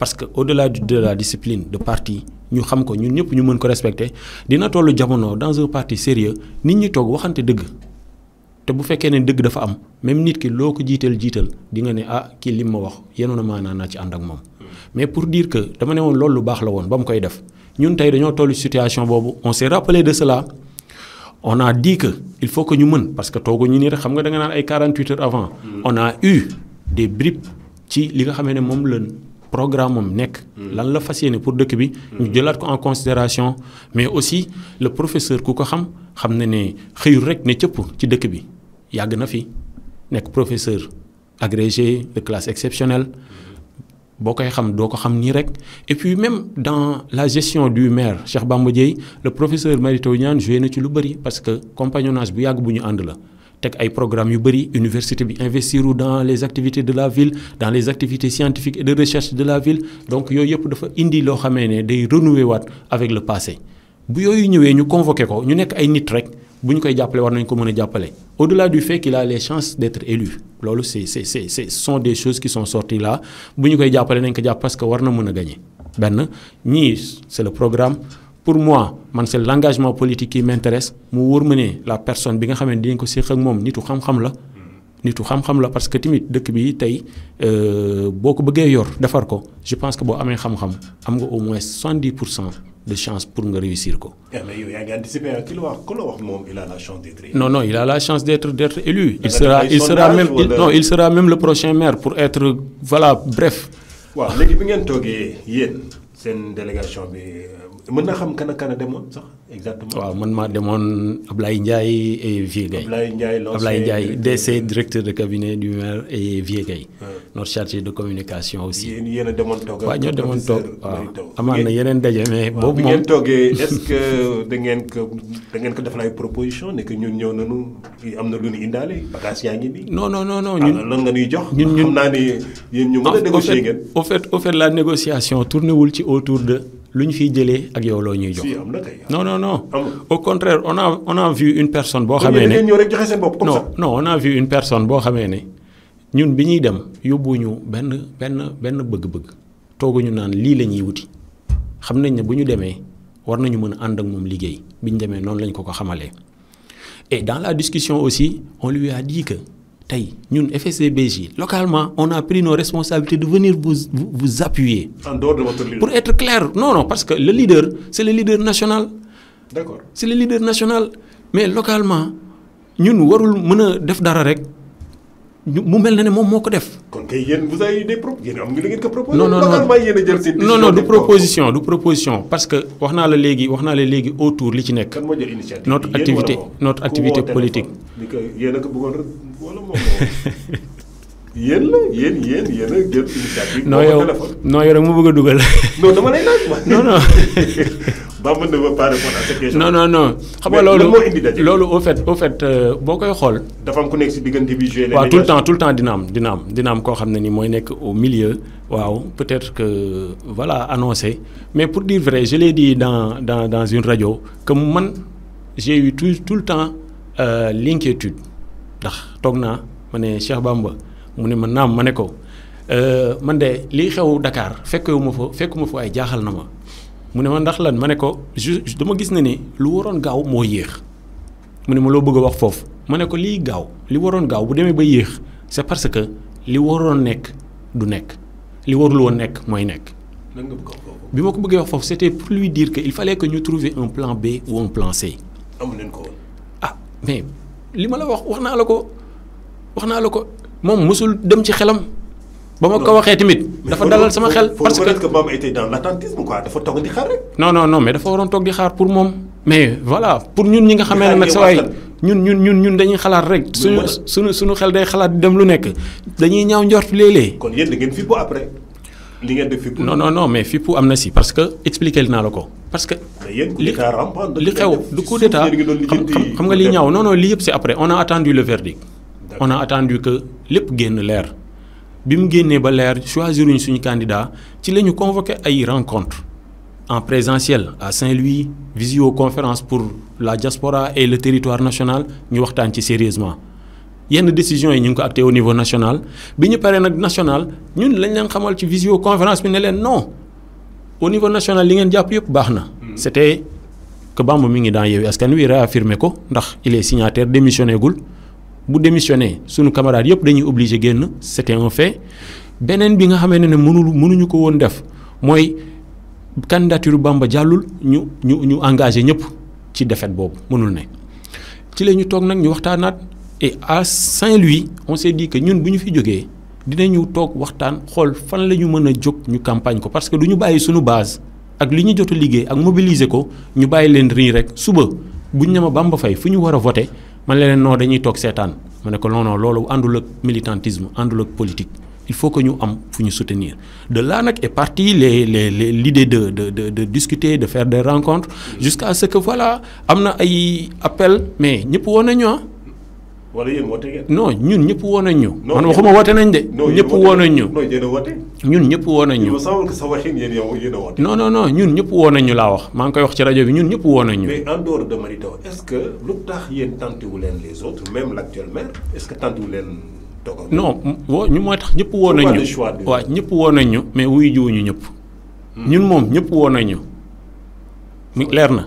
parce que au delà de la discipline de parti nous xam ko ñun ñu ko respecter dans un parti sérieux nit ñi toog waxante dëgg te bu fekkee ne dëgg dafa am même nit ki loo ko jiital jiital di nga ne ah ma wax na ci hmm. mais pour dire que dama ne woon loolu lu la woon ba koy def ñun situation on s'est rappelé de cela on a dit que il faut que ñu mën parce que nous avons xam nga da nga ay 48 heures avant. Hmm. on a eu des bribes ci li nga ne programme nek lan la fas pour dëkk bi. ñu jëlaat ko en considération mais aussi le professeur ku ko xam xam na ne xëyul rek ne cëpp ci dëkk bi yàgg na fi nek professeur agrégé de classe exceptionnelle. boo koy xam doo ko xam nii rek et puis même dans la gestion du maire Cheikh Bamba le professeur Marito Teuw Niane joué na ci lu bëri parce que compagnonnage bu yàgg bu ñu la tek ay programme yu bari université bi investiru dans les activités de la ville dans les activités scientifiques et de recherche de la ville donc yooyu yëpp dafa indi loo xamee ne day renouer waat avec le passé bu yooyu ñëwee ñu convoqué ko ñu nekk ay nit rek bu ñu koy jàppale war nañ ko mën a au delà du fait qu'il a les chances d'être élu loolu c'est c'est c'est ce sont des choses qui sont sorties là bu ñu koy jàppale nañ ko jàpp parce que war na mën a gagner benn ñii c'est le programme pour moi man c'est l'engagement politique qui m'intéresse mu wóor ma la personne bi nga xam di dinañ ko séx ak mom nitu xam-xam la. nitu xam-xam la parce que timit dëkk bi tay euh boko bëggé yor défar ko je pense que bo amé xam-xam am nga au moins 70 de chance pour nga réussir ko. Eh, mais yow yaa ngi anticiper ah, ki la wax ku la wax moom il a la chance d'être non non il a la chance d'être d'être élu. il sera il sera même il, non il sera même le prochain maire pour être voilà bref. waaw léegi bi ngeen toogee yéen seen délégation bi mën naa xam kana kana kan demoon sax exactement. waaw man maa demoon Ablaye Ndiaye et Vieux Guèye. Ablaye Ndiaye Ablaye Ndiaye DC directeur de cabinet du maire et Vieux Guèye. notre chargé de communication aussi. yéen yéen a demoon toog waaw ñoo demoon toog waaw amaan na yeneen daje mais. boobu moom bi ngeen toogee [LAUGHS] est-ce que da ngeen ko da ngeen ko defal ay proposition ne que ñun ñëw nañu am na lu ñu indaale bagages yaa ngi nii. non non non non ah, ñun lan nga ñuy jox. ñun ñun xam naa ni yéen ñu mën a ah, négocier ngeen. au fait au fait la négociation tourné wul ci autour de luñ fi jëlé ak yow non non non. au contraire on a on a vu une personne non on a vu une personne ñun dem ben ben bëgg-bëgg ne war nañu ak et dans la discussion aussi on lui a dit que. Nous FSCBJ localement on a pris nos responsabilités de venir vous appuyer. en dehors de votre leader. pour être clair non non parce que le leader c'est le leader national. d'accord c'est le leader national mais localement nous warul nous, def nous, Nous def. vous avez des nous, non non non non propositions parce que nous, autour notre activité notre activité politique wala moom [LAUGHS] yéen la yéen yéen yéen a jël initiative. non yow non yow rek mu bëgg a dugal. [LAUGHS] non dama lay laaj non non. Bamba ne veut pas répondre à cette question. non non non xam nga loolu loolu au fait au fait euh, boo koy xool. dafa am ku nekk si diggante bi joué. waaw tout le temps tout le temps dina am dina am dina am koo xam ne ni mooy nekk au milieu. waaw peut-être que voilà annoncé mais pour dire vrai je l'ai dit dans dans dans une radio que man j'ai eu tout tout le temps euh, l'inquiétude ndax toog naa ma ne Cheikh Bamba mu ne ma naam ma ne ko euh, man de lii xew Dakar fekkewu ma fa fekkuma fa ay jaaxal na ma mu ne ma ndax lan ma ne ko ju dama gis ne ni lu waroon gaaw moo yéex mu ne ma loo bëgg a wax foofu ma ne ko lii gaaw li waroon gaaw bu demee ba yéex c'est parce que li waroon nekk du nekk li warul woon nekk mooy nekk. nan nga bëgg wax foofu. bi ma ko bëggee wax foofu c'était pour lui dire que il fallait que ñu trouver un plan B ou un plan C. amu leen ko woon ah mais. li ma la wax wax naa la ko wax naa la ko moom mosul dem ci xelam. ba ma ko waxee tamit. dafa dalal sama xel parce que que maam était dans l'attentisme quoi dafa toog di xaar rek. non non non mais dafa waroon toog di xaar pour moom. mais voilà pour ñun ñi nga xamee ne nag sa waay ñun ñun ñun ñun dañuy xalaat rek. suñu suñu suñu xel day xalaat dem lu nekk dañuy ñaaw njort léeg-léeg. kon yéen da ngeen fi bu après. li ngeen def non non non mais FIPU am parce que expliquez naa la parce que. li xew du coup d'état xam nga li non non c'est après on a attendu le verdict on a attendu que lépp génn leer bi mu génnee ba l'air, choisir uñ candidat ci la ñu convoqué ay rencontre en présentiel à Saint-Louis visioconférence pour la diaspora et le territoire national ñu waxtaan ci sérieusement yenn décision yi ñu ngi ko acté au niveau national bi ñu paree nag national ñun lañ leen xamal ci visioconférence bi ne leen non au niveau national li ngeen jàpp yëpp baax na. Hmm. c'était que Bamba mi ngi dans Yewwi Askan Wi réaffirmé ko ndax il est signataire démissionné gul bu démissionné sunu camarade yëpp dañuy obligé génn c'était un fait beneen bi nga xamante ne mënul mënuñu ko woon def mooy candidature Bamba jàllul ñu ñu ñu engagé ñëpp ci défaite boobu mënul ne ci la ñu toog nag ñu waxtaanaat et à Saint-Louis on s'est dit que nous, si nous fi dinañu tok waxtaan xol fan lañu mën a ñu campagne parce que duñu suñu base ak li ñu jot a liggéey ak mobiliser ko ñu bàyyi leen rii rek suba buñ ne ma Bamba nous fu ñu war a nous man leen non dañuy toog seetaan ma ko non non loolu ak militantisme ak politique il faut que ñu am soutenir de là est parti l'idée de discuter de faire des rencontres jusqu'à ce que voilà am ay appel mais wala yéen woote ngeen. non ñun ñëpp woo nañ ñu. man waxuma woote nañ de. ñëpp woo nañ ñu. ñun ñëpp woo nañ ñu. non non non ñun ñëpp woo nañ ñu laa wax ma ngi koy wax ci radio bi ñun ñëpp woo nañ ñu. mais en dehors de Mary est-ce que lu tax yéen tentewu leen les autres même l'actuel maire est-ce que tentewu leen dogal. non woo ñu mooy tax ñëpp woo nañ ñu. waaw ñëpp woo nañ ñu mais wuy jiwuñu ñëpp. Hmm. ñun moom ñëpp woo nañ ñu leer na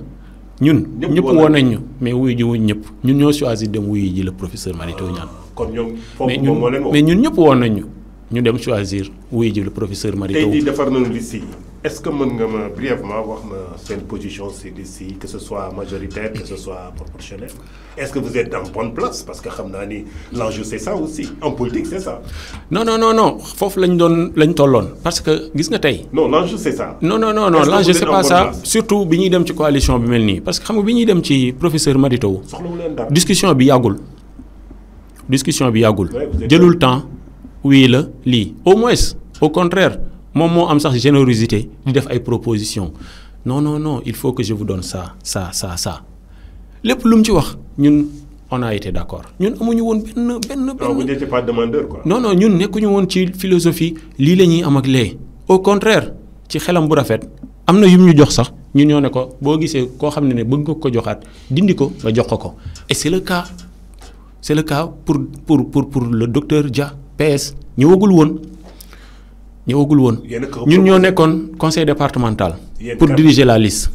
ñun ñëpp woon nañ ñu mais wuy ji wuñ ñëpp ñun ñoo choisir dem wuyu ji la professeur Mary Teuw Niane kon ñoom foofu moom moo mais ñun ñëpp woon nañu ñu ñu dem choisir wuy ji la professeur Mary Teuw defar nañu liste yi est-ce que vous nga me brièvement wax ma position CDC que ce soit majoritaire que ce soit proportionnel est-ce que vous êtes dans bonne place parce que l'enjeu c'est ça aussi en politique c'est ça. non non non non que lañ vous lañ parce que gis non l'enjeu c'est ça. non non non non l'enjeu c'est pas ça surtout bi ñuy dem ci coalition bi parce que xam nga bi dem ci professeur Marito, discussion bi yàggul. discussion bi yàggul. jëlul temps. oui le au moins au contraire moom moo am sax générosité di def ay propositions non non non il faut que je vous donne ça ça ça ça lépp lu mu ci wax ñun on a été d' accord ñun amuñu woon benn benn benn. non pas demandeur quoi. non non ñun nekkuñu woon ci philosophie lii la ñuy am ak lee au contraire ci xelam bu rafet am na yum ñu jox sax ñun ñoo ne ko boo gisee koo xam ne ne bëgg ko joxaat dindi ko nga jox ko ko et c' est le cas c' est le cas pour pour pour pour le docteur Dia PS ñëwagul woon. Nous woon ñun ñoo conseil départemental. pour diriger la liste.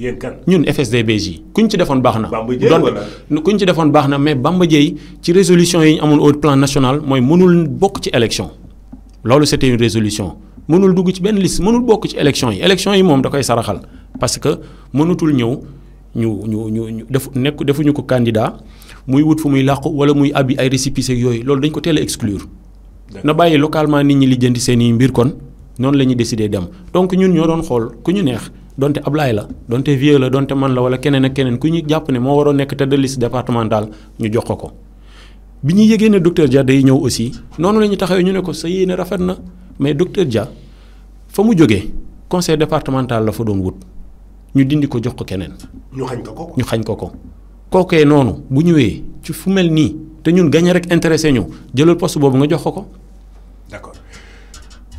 ñun FSDBJ kuñ ci defoon baax na. kuñ ci mais Bamba ci résolution yi amul plan national mooy mënul bokk ci élection. c'était une résolution mënul dugg ci liste mënul bokk ci élection élection yi da koy saraxal parce que mënutul ñëw ñu ñu ñu def nekk defuñu candidat muy wut fu muy wala muy abi ay récépissé yooyu loolu dañ ko exclure. na localement nit ñi noonu la ñuy décider dem donc ñun ñoo doon xool ku ñu neex donte ablaay la donte vieux la donte man la wala keneen ak keneen ku ñu jàpp ne moo waroon nekk tête de liste ñu jox ko ko. bi ñu yëgee ne docteur ja day ñëw aussi noonu la ñu taxawee ñu ne ko sa yéene rafet na mais docteur ja fa mu jóge conseil départemental la fa doon wut ñu dindi ko jox ko keneen. ñu xañ ko ko ñu xañ ko ko. kookee noonu bu ñëwee ci fu mel nii te ñun gañe rek intéressé ñu jëlal poste boobu nga jox ko ko.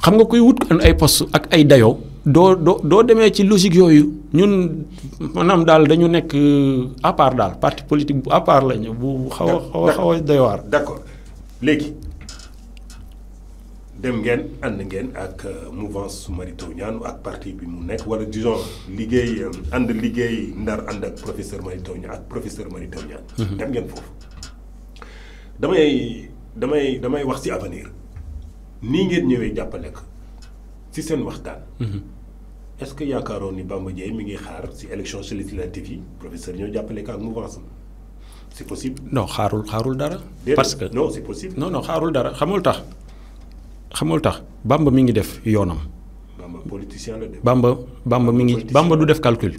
xam nga kuy wut ay poste ak ay do do do do demee ci logique yooyu ñun manam daal dañu nek euh, à part daal parti politique bu à part lañ bu xaw xaw a xaw dayo war d'accord légui dem ngeen and ngeen ak euh, mouvance Marito Niane ak parti bi mu nek wala disons liggéey and euh, liggéey ndar and ak professeur Marito ak professeur Marito Niane. Mhm. dem ngeen fofu damay damay damay wax ci avenir. ni ngeen ñëwee jàppale seen waxtaan. Mhm. est-ce que yaakaaroon ni Bamba Dièye mi ngi xaar ci élection législative yi professeur c'est possible. non xaarul xaarul dara. parce que non c'est possible. non non xaarul dara xamul tax Bamba mi ngi def Bamba politicien Bamba Bamba Bamba calcul.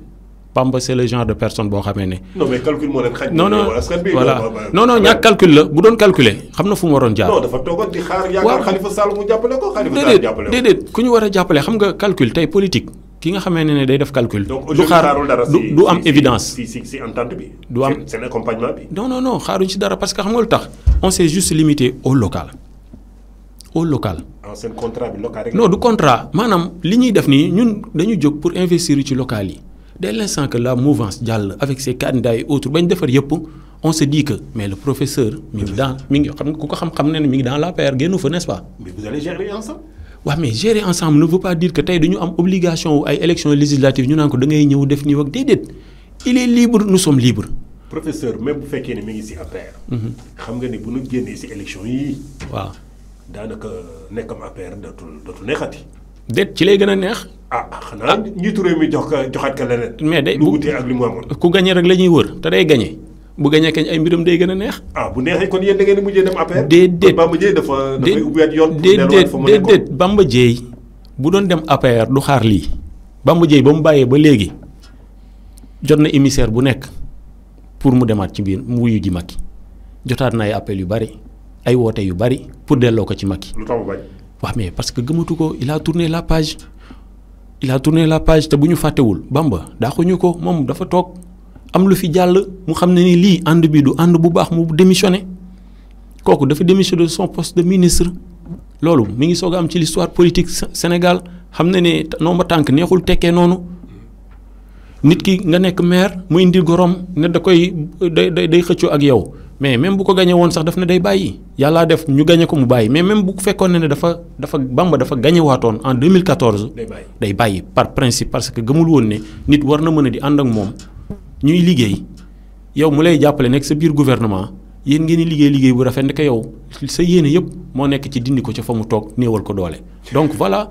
Pamba c'est le genre de personne bon xamee non mais calcul moo leen xaj. non non voilà non non bah, bah, ñàkk bah. calcul la bu doon calculer xam na fu mu non dafa toogoon di xaar yaakaar Khalifa Sall mu jàppale ko. Khalifa Sall jàppale ko déedéet déedéet ku ñu war a jàppale xam nga calcul tey politique ki nga xamee ne day def calcul. du xaar du du am évidence. si si si entente bi. du am seen accompagnement bi. non non non xaaruñ si dara parce que xam nga lu tax on s'est juste limité au local. au local. Ah, seen contrat bi local non du contrat maanaam li ñuy def nii ñun dañu jóg pour investir ci local yi dès l'instant que la mouvance Dial avec ses candidats et autres yep on se dit que mais le professeur. mi dans mi xam nga xam-xam dans n'est-ce pas. mais vous allez gérer ensemble. Oui mais gérer ensemble ne veut pas dire que nous avons am obligation à ay élections législatives ñu une obligation da ngay il est libre nous sommes libres. professeur même bu fekkee ne mi ngi vous APR. Mhm. xam nga ni bu ñu génnee ci élection yii. waaw une nekkam APR dootul dootul déet ci lay gën a neex. ah xanaa njiitu réew mi jox ko joxaat ko mais day lu wute ak li mu amoon. ku gañe rek la ñuy wër te day gañe bu gañe kañ ay mbiram day gën a neex. ah bu neexee kon yéen da ngeen di mujjee dem APR. déedéet Bamba Dièye dafa dafay ubbiwaat yoon. déedéet déedéet Bamba Dièye bu doon dem APR du xaar lii Bamba Dièye ba mu bàyyee ba léegi jot na émissaire bu nekk pour mu demaat ci biir mu wuyu ji Macky jotaat na ay appel yu bari ay woote yu bari pour delloo ko ci Macky. lu tax wax mais parce que gëmatu ko il a la page il a la page te bu ñu fàttewul Bamba daaxuñu ko moom dafa toog am lu fi jàll mu xam ne ni lii ànd bi du ànd bu baax mu démissionné kooku dafa démissionné de son poste de ministre. loolu mi ngi soog a am ci l'histoire politique Sénégal xam na ne nomba tànk neexul tekkee noonu nit ki nga nekk maire mu indi gorom ne da koy day day xëccoo ak yow. mais même bu ko gañe woon sax daf na day bàyyi yàllaa def ñu gañe ko mu bàyyi mais même bu fekkoon ne ne dafa dafa Bamba dafa gañe waatoon en 2014. day bàyyi day bàyyi par principe parce que gëmul woon ne nit war na mën a di ànd ak moom ñuy liggéey yow mu lay jàppale nekk sa biir gouvernement yéen ngeen di liggéey liggéey bu rafet ndeke yow sa yéene yëpp moo nekk ci dindi ko ca fa mu toog néewal ko doole donc voilà.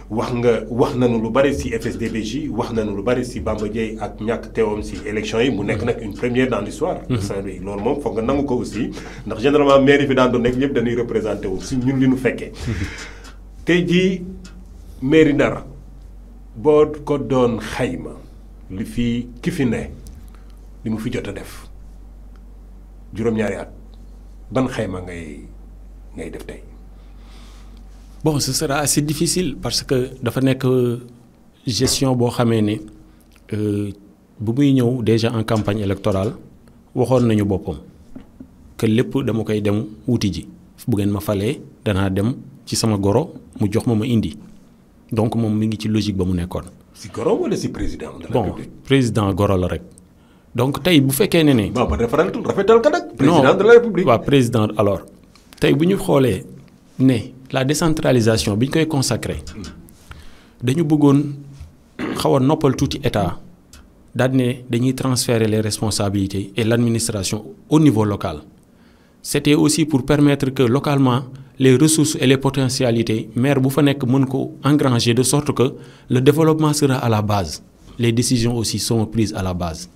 wax nga wax nañu lu bari ci FSDBJ wax nañu lu bari ci Bamba Dièye ak ñàkk teewam ci élection yi mu nekk nag une première dans l'histoire mhm. Saint-Louis loolu moom foog nga nangu ko aussi ndax généralement maire yi fi daan doon nekk ñëpp dañuy représenté wu si ñun li ñu fekkee mhm. tey jii mairie Ndar boo ko doon xayma li fi ki fi ne li mu fi jot a def juróom-ñaari at ban xayma ngay ngay def tey bon ce sera assez difficile parce que dafa que euh, gestion xamé euh, déjà en campagne électorale waxon nañu que je dama koy dem wuti ji bu ma dem ci sama goro mu jox indi donc vais mi logique ba mu si goro wala président. bon président goro donc tay bu président de la république président alors tay bu la décentralisation est koy consacré dañu bëggoon noppal état transférer les responsabilités et l'administration au niveau local c'était aussi pour permettre que localement les ressources et les potentialités maire bu fa engranger de sorte que le développement sera à la base les décisions aussi sont prises à la base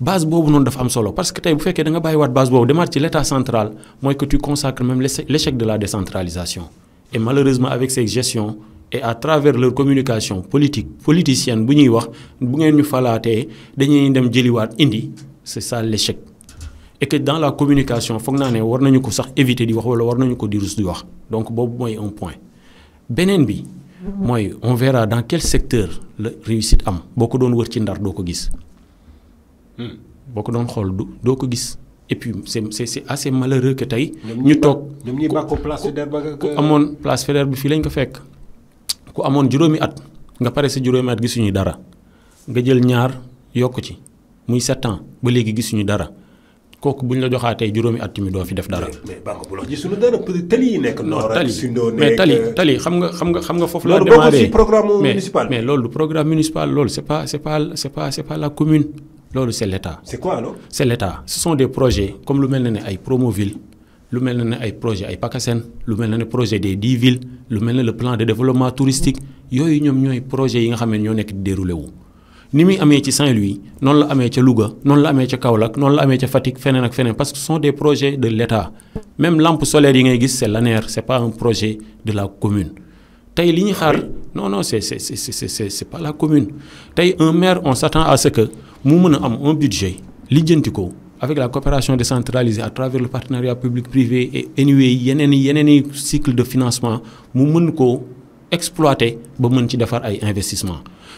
base boobu noonu dafa am solo parce que tey bu fekkee da nga bàyyiwaat base boobu demaat ci l' état central mooy que tu consacres même l' échec de la décentralisation et malheureusement avec ces gestions et à travers leur communication politique politicienne bu ñuy wax bu ngeen ñu falaatee dañuy dem jëliwaat indi c' est ça l' échec et que dans la communication foog naa ne war nañu ko sax éviter di wax wala war nañu ko di rus di wax donc boobu mooy un point beneen bi mooy on verra dans quel secteur la réussite am boo ko doon wër ci ndar doo ko gis Hmm. boko ko du ko et puis c'est c'est assez malheureux que tu ñu tok ñoom ñuy bako place Faidherbe ba ko amone place bi lañ ko ku at nga pare ci at dara nga jël ñaar ci muy ans dara. la fi def dara. mais bako tali mais euh, xam nga xam nga programme municipal mais mais programme municipal loolu c'est pas c'est pas c'est pas c'est pas la commune loolu c'est l'État. C'est quoi alors. C'est l'État. ce sont des projets comme lu mel ne ay Promoville lu mel ne ay projet ay PACASEN lu mel projet des dix villes lu mel le plan de développement touristique Yoy, ñoom ñooy projet yi nga xam ne ñoo nekk déroulé wu. ni muy amee ci Saint-Louis non la amé ci Louga non la amé ci Kaolack non la amé ci Fatik, fenen ak fenen, parce que ce sont des projets de l'État. même lampe solaire yi ngay gis c'est l'ANER pas un projet de la commune. Tay, li ñu xaar non non c'est c'est c'est c'est c'est c'est pas la commune Tay, un maire on s'attend à ce que mu mën am un budget avec la coopération décentralisée à travers le partenariat public privé et NUE il y a cycle de financement mu mën exploiter ba mën ci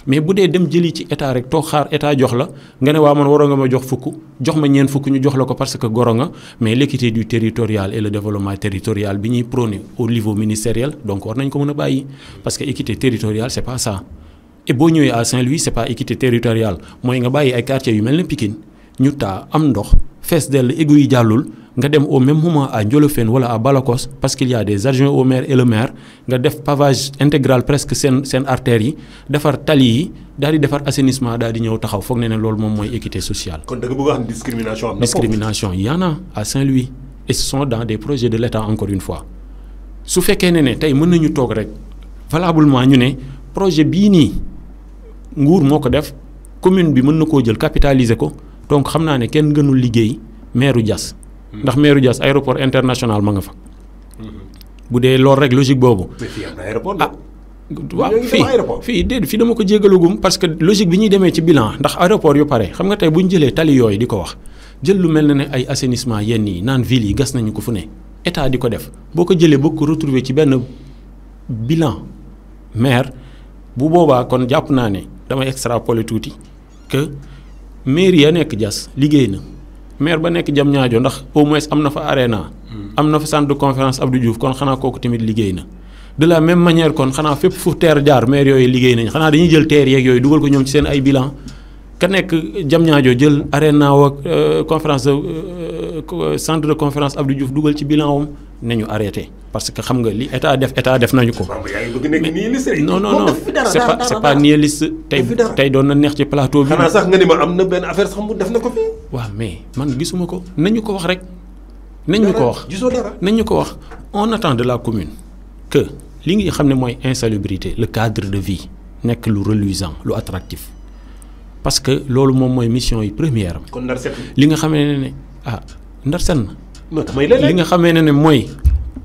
mais si vous dem des ci état rek toog xaar état jox la nga ne waa man ma jox jox ma parce que mais l'équité du territorial et le développement territorial bi prône au niveau ministériel donc war nañ ko mën parce que équité territoriale c'est pas ça et boo à Saint-Louis c'est pas équité territoriale moy nga bàyyi ay quartiers yu mel Pikine ñu ta am ndox fess del égo yi jàllul nga dem au même moment à Ndiolofène wala à Balakos parce qu'il y a des adjoints au maire et le maire nga def pavage intégral presque sen sen artères yi defar tali yi daal di defar assainissement daal di ñëw taxaw foog ne ne loolu moom mooy équité sociale. kon da nga bëgg a discrimination am na discrimination y en a à Saint-Louis et ce sont dans des projets de l'État encore une fois su fekkee ne ne tey mën nañu toog rek valablement ñu ne projet bii nii. nguur moo ko def commune bi mën na koo jël capitaliser ko donc xam naa ne kenn gënul liggéey meeru Diass hmm. ndax meeru Diass aéroport international ma nga fa. Hmm. bu dee loolu rek logique boobu. ah waaw fii fii déedéet fii dama ko jégalagum parce que logique bi ñuy demee ci bilan ndax aéroport yu pare xam nga tey bu ñu jëlee tali yooyu di ko wax jël lu mel na ne ay assainissement yenn yi naan ville yi gas nañu ko fu ne état di ko def boo ko jëlee boo ko retrouver ci benn maire bu boobaa kon jàpp naa ne. damay extrapoler tuuti que mairie ya nekk Diass liggéey na maire ba nekk jam ñaajo ndax au moins am na fa arena hmm. am na fa centre de conférence Abdou Diouf kon xanaa kooku tamit liggéey na de la même manière kon xanaa fépp fu terre jaar maire yooyu liggéey nañ xanaa dañuy jël terre yeeg yooyu dugal ko ñoom ci seen ay bilan ka nekk jam ñaajo jël arena wa euh, conférence euh, euh, centre de conférence Abdou Diouf dugal ci bilan wam avons arrêté parce que xam nga li état def état def non non non c'est pas c'est pas na neex ci plateau bi. sax nga ni ma ben affaire sax mu def mais man gisuma ko nañu ko wax rek. Nous ko on attend de la commune que li nga xamne moy insalubrité le cadre de vie que lu reluisant lu attractif parce que lolu nous émission mission première. li nga ah li nga xamee ne ne mooy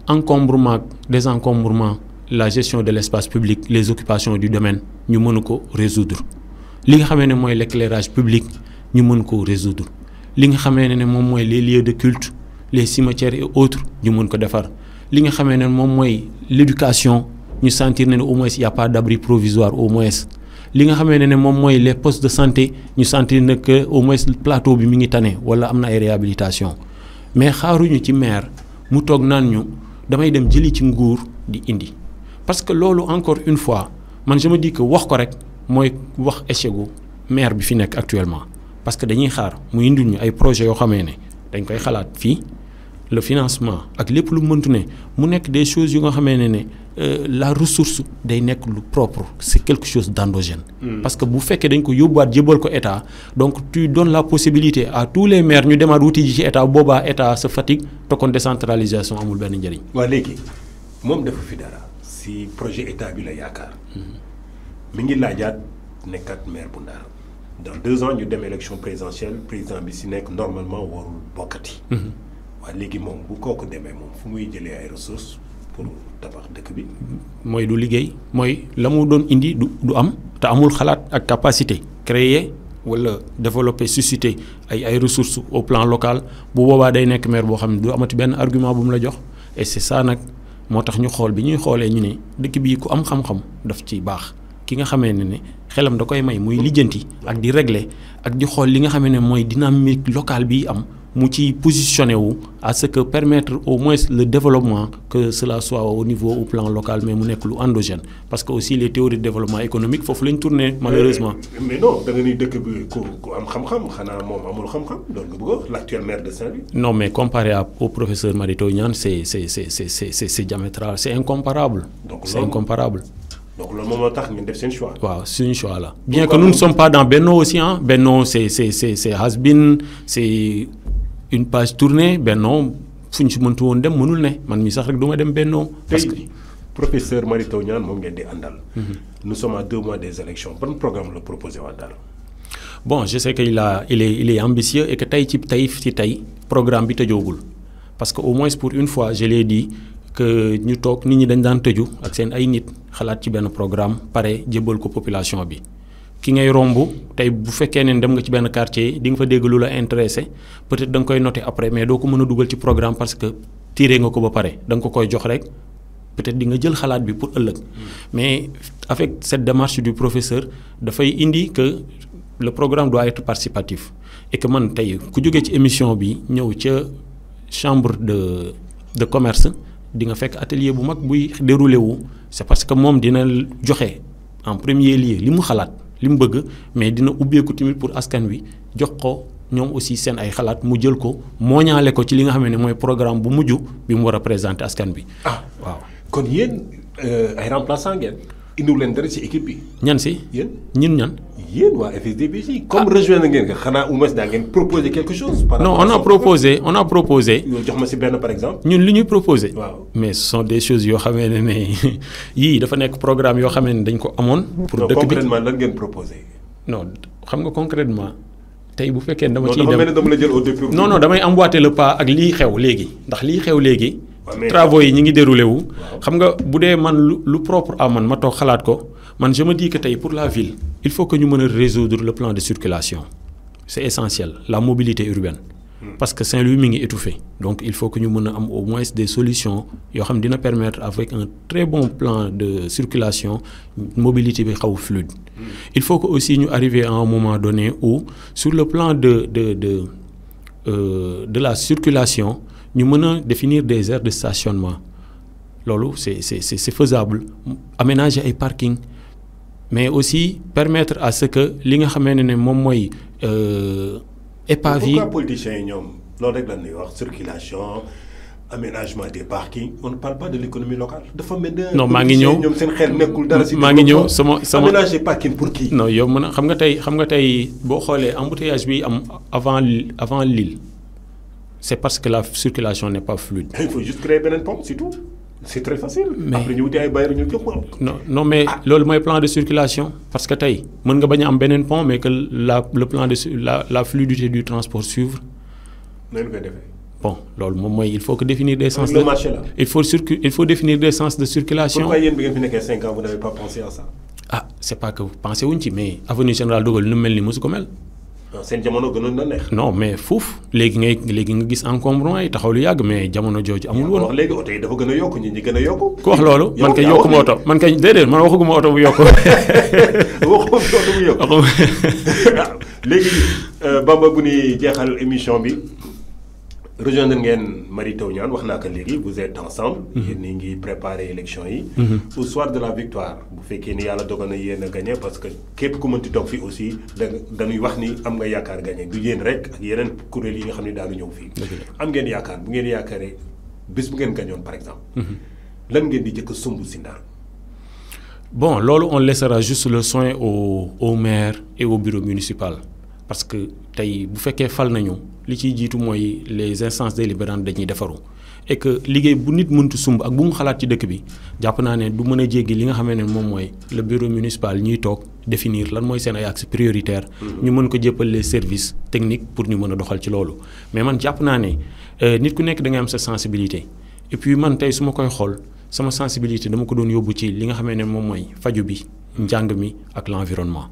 encombrement désencombrement la gestion de l'espace public les occupations du domaine ñu mën ko résoudre li nga xamee ne mooy l' public ñu mën ko résoudre li nga xamee ne ne moom les lieux de culte les cimetières et autres ñu mën ko defar li nga xamee ne moom mooy l' éducation ñu sentir ne ne au moins y' a pas d'abri provisoire au moins li nga xamee ne les postes de santé ñu sentir ne que au moins plateau bi mi ngi tane wala réhabilitation mais xaaruñu ci maire mu toog naan ñu damay dem jëli ci nguur di indi parce que loolu encore une fois man je me dis que wax ko rek mooy wax échec maire bi fi nekk actuellement parce que dañuy xaar mu indil ñu ay projets yoo xamee ne dañ koy xalaat fii le financement ak lépp lu mëntu ne mu nekk des choses yu nga xamee ne ne euh, la ressource day nek lu propre c'est quelque chose d'endogène hmm. parce que bu fekkee dañ ko yóbbuwaat jébal ko état donc tu donnes la possibilité à tous les maires ñu demaat wuti ci état boba état se fatigue te kon décentralisation amul ben njëriñ. wa légui mom dafa fi dara si projet état bi la yakar hmm. mi ngi laajaat nekkat maire bu Ndar dans deux ans ñu dem élection présidentielle président bi si nek normalement warul bokati hmm. wa légui mom bu koku demee mom fu muy ay ressources. pour tabax dëkk bi mooy du liggéey mooy la mu indi du du am ta amul xalaat ak capacité créer wala développer susciter ay ay ressources au plan local bu boobaa day nekk maire boo xam ne du amati benn argument bu mu la jox et c'est ça nag moo tax ñu xool bi ñuy xoolee ñu ne dëkk bi ku am xam-xam daf ci baax ki nga xamee ne ne xelam da koy may muy lijjanti ak di régler ak di xool li nga xamee ne mooy dynamique local bi am mu positionner positionné à ce que permettre au moins le développement que cela soit au niveau au plan local mais mu nekk endogène parce que aussi les théories de développement économique foofu la tourner malheureusement. mais non am l'actuel maire de Saint-Louis. mais comparé à au professeur marito c'est c'est c'est c'est c'est c'est diamétral c'est incomparable. c'est incomparable. Donc le moment tard, nous devons choix. Wow, c'est un choix là. Bien que nous ne sommes pas dans Benno aussi, hein. Benno, c'est, c'est, c'est, c'est has been, c'est une page tournée bennoo fu ñu si mëntu woon dem mënul ne man mi sax rek du dem bennoo. parce que professeur Mary Teuw mo moom di andal mhm. nous sommes à deux mois des élections ban programme le proposer waat dal bon je sais qu'il a il est il est ambitieux et que tay ci tey ci tay programme bi tëjoogul parce que au moins pour une fois je l'ai dit que ñu tok nit ñi dañ dan teju ak seen ay nit xalaat ci ben programme paré jébbal ko population bi. ki ngay romb tey bu fekkee ne dem nga ci benn quartier di nga fa dégg lu la intéressé peut-être nga koy noté après mais doo ko mën a dugal ci programme parce que tiré nga ko ba pare da nga ko koy jox rek peut-être di nga jël xalaat bi pour ëllëg. mais avec cette démarche du professeur dafay indi que le programme doit être participatif et que man tey ku jógee ci émission bi ñëw ca chambre de de commerce di nga fekk atelier bu mag buy déroulé wu c'est parce que moom dina joxe en premier lieu li mu xalaat. li mu bëgg mais dina ubbeeku tamit pour askan bi jox ko ñoom aussi seen ay xalaat mu jël ko mooñaale ko ci li nga xam ne mooy programme bu mujj bi mu war a présenter askan bi. ah waaw kon yéen euh, ay remplaçant ngeen indiw leen dara ci équipe bi. ñan si. ñun ñan. yéen waa FSD/BJ comme ah. rejoindre ngén ko xanaa au moins daa proposer quelque chose. par non on a proposé on a proposé. jox ma ci ben par exemple. ñun li ñuy proposer mais ce sont des choses yo xamé né yi dafa nek programme yo xamé dañ ko amone pour dëkk bi concrètement lan ngén proposer non xam nga concrètement tay bu fekkee dama. ciy dem non non damay emboîter le pas ak lii xew léegi ndax lii xew léegi. travaux yi ñi ngi déroulé wu. xam nga bu dee man lu lu propre à man ma toog xalaat ko je me dis que pour la ville il faut que nous mën résoudre le plan de circulation c'est essentiel la mobilité urbaine. Hmm. parce que Saint-Louis est étouffé donc il faut que nous ayons au moins des solutions qui xam permettre avec un très bon plan de circulation mobilité bi fluide. Hmm. il faut que aussi nous arriver à un moment donné où sur le plan de de de euh, de la circulation nous mën définir des aires de stationnement c'est faisable aménager les parking mais aussi permettre à ce que li nga xamé ne mom moy euh pourquoi politiciens yi rek la ñuy wax circulation aménagement des parkings on ne parle pas de l'économie locale. dafa mel non maa ngi ñëw ñoom seen xel nekkul dara ci sama sama aménager parking pour qui non yow mëna a xam nga tay xam nga tay bo xolé embouteillage bi am avant avant l'île. c'est parce que la circulation n'est pas fluide. il faut juste créer une pont c'est tout c'est très facile. mais après ñu ay bayre ñu jox ko. non non mais ah. loolu mooy plan de circulation parce que tay mën nga baña a am benen pont mais que la le plan de la la fluidité du transport suivre. bon loolu moom mooy il faut que définir des sens. de marché là il faut circuler il faut définir des sens de circulation. pourquoi yéen bi nga fi nekkee 5 ans vous n'avez pas pensé à ça. ah c'est pas que vous pensez ci mais avenue Général Dogol nu melni ni ko mel. seen jamono gënoon na neex. non mais foofu léegi ngay léegi nga gis encombrement yi taxaw lu yàgg mais jamono jooju amul woon. wax léegi oto yi dafa gën a yokk ñi ñi gën a yokk. ku wax loolu man kay yokkuma oto man kay déedéet man waxaguma oto bu yokk. [LAUGHS] waxuma oto bu yokk. [LAUGHS] Ah, léegi euh, Bamba bu jeexal émission bi. rejoindre ngeen Marie Taw Niane wax naa ko léegi vous êtes ensemble. Mhm. yéen ñi ngi préparer élection yi. Mhm. au soir de la victoire bu fekkee ni yàlla dogal na yéen a gagné parce que képp ku mënti toog fii aussi da dañuy wax ni am nga yaakaar gagné du yéen rek ak yeneen kuréel yi nga xam ne daanu ñëw fii. am ngeen yaakaar bu ngeen yaakaaree bis bu ngeen gañoon par exemple. Mhm. lan ngeen di jëkk sumb si ndaal. bon loolu on laissera juste le soin au au maire et au bureau municipal parce que tey bu fekkee fal nañu li ci jiitu mooy les instances délibérantes dañuy defaru et que liggéey bu nit mënti sumb ak bu mu xalaat ci dëkk bi jàpp naa ne du mën a jéggi li nga xamee ne moom mooy le bureau municipal ñuy toog définir lan mooy seen ay axe prioritaire. Mm-hmm. ñu mën ko jéppal les services techniques pour ñu mën a doxal ci loolu. mais man jàpp naa ne euh, nit ku nekk da nga am sa sensibilité et puis man tey su ma koy xool sama sensibilité dama ko doon yóbbu ci li nga xamee ne moom mooy faju bi njàng mi ak l'environnement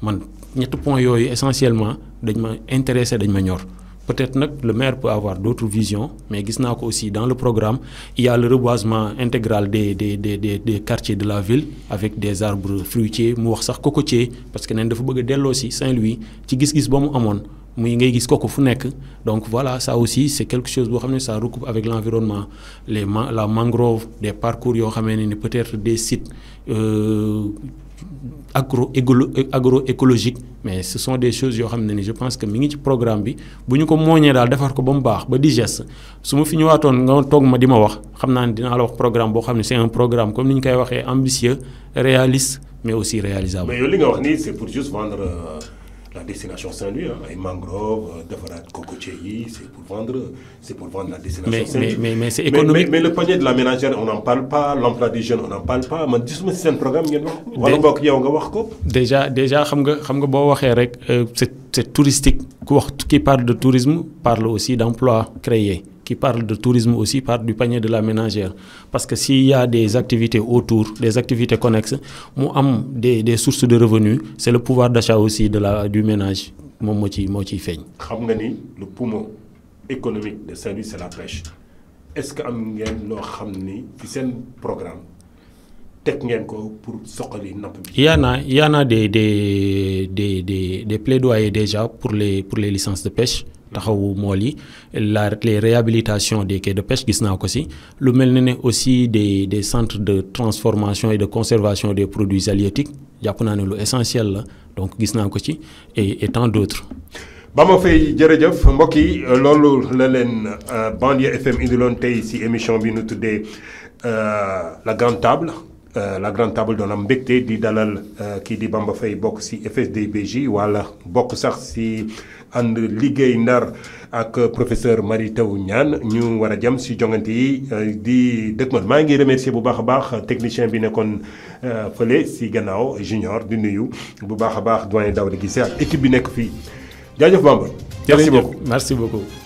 man ñett point yooyu essentiellement dañ ma intéressé dañ ma ñor. Peut-être que le maire peut avoir d'autres visions, mais a aussi dans le programme, il y a le reboisement intégral des, des, des, des, quartiers de la ville avec des arbres fruitiers, mouarsak, cocotiers, parce que nous avons aussi Saint-Louis, qui est bon amon. Donc voilà, ça aussi, c'est quelque chose qui ça recoupe avec l'environnement. la mangrove, des parcours, peut-être des sites euh, agro agroécologique mais ce sont des choses yo xamné ni je pense que mi ngi ci programme bi bu ko moñé dal défar ko ba mu baax ba digeste su ma fi ñëwaatoon nga tok ma dima wax xamna naa ne la wax programme bo xamné c'est un programme comme niñ ñu koy waxee ambitieux réaliste mais aussi réalisable. mais yow li nga wax ni c'est pour juste vendre. Euh, la destination Saint-Louis, hein, les mangroves, euh, cocotier, c'est pour vendre, c'est pour vendre la destination Saint-Louis. Mais, mais, mais c'est économique. Mais, le panier de la ménagère, on n'en parle pas, l'emploi des jeunes, on n'en parle pas. Mais dis-moi c'est un programme, wala yow Déjà déjà euh, c'est touristique, qui parle de tourisme parle aussi d'emploi créé qui parle de tourisme aussi parle du panier de la ménagère parce que s'il y a des activités autour des activités connexes mu am des des sources de revenus c'est le pouvoir d'achat aussi de la du ménage qui moo ci le poumon économique de Saint-Louis c'est la pêche est-ce que am ngeen un programme. technique pour bi. y en a y en a des des des des des plaidoyers déjà pour les pour les licences de pêche taxawu mool yi la les réhabilitations des quais de pêche gis naa ko si lu mel ne ne aussi des des centres de transformation et de conservation des produits halieutiques jàpp naa ne lu essentiel la donc gis naa ko ci et et tant d'autres ba ma fay jërëjëf mbokk yi loolu la leen euh, banlieue FM indiloon tey si émission bi nu tuddee euh, la grande table euh, la grande table doon am mbégte di dalal kii di Bamba fay bokk si FSDBJ wala bokk sax si and liggéey ndar ak professeur Mary Teuw Niane ñu war a jëm si jongante yi euh, di dëkkmal maa ngi remercier bu baax a baax technicien bi nekkoon euh, fële si gannaaw junior di nuyu bu baax a baax doyen Daouda Guissé ak équipe bi nekk fii jaajëf Bamba merci beaucoup merci beaucoup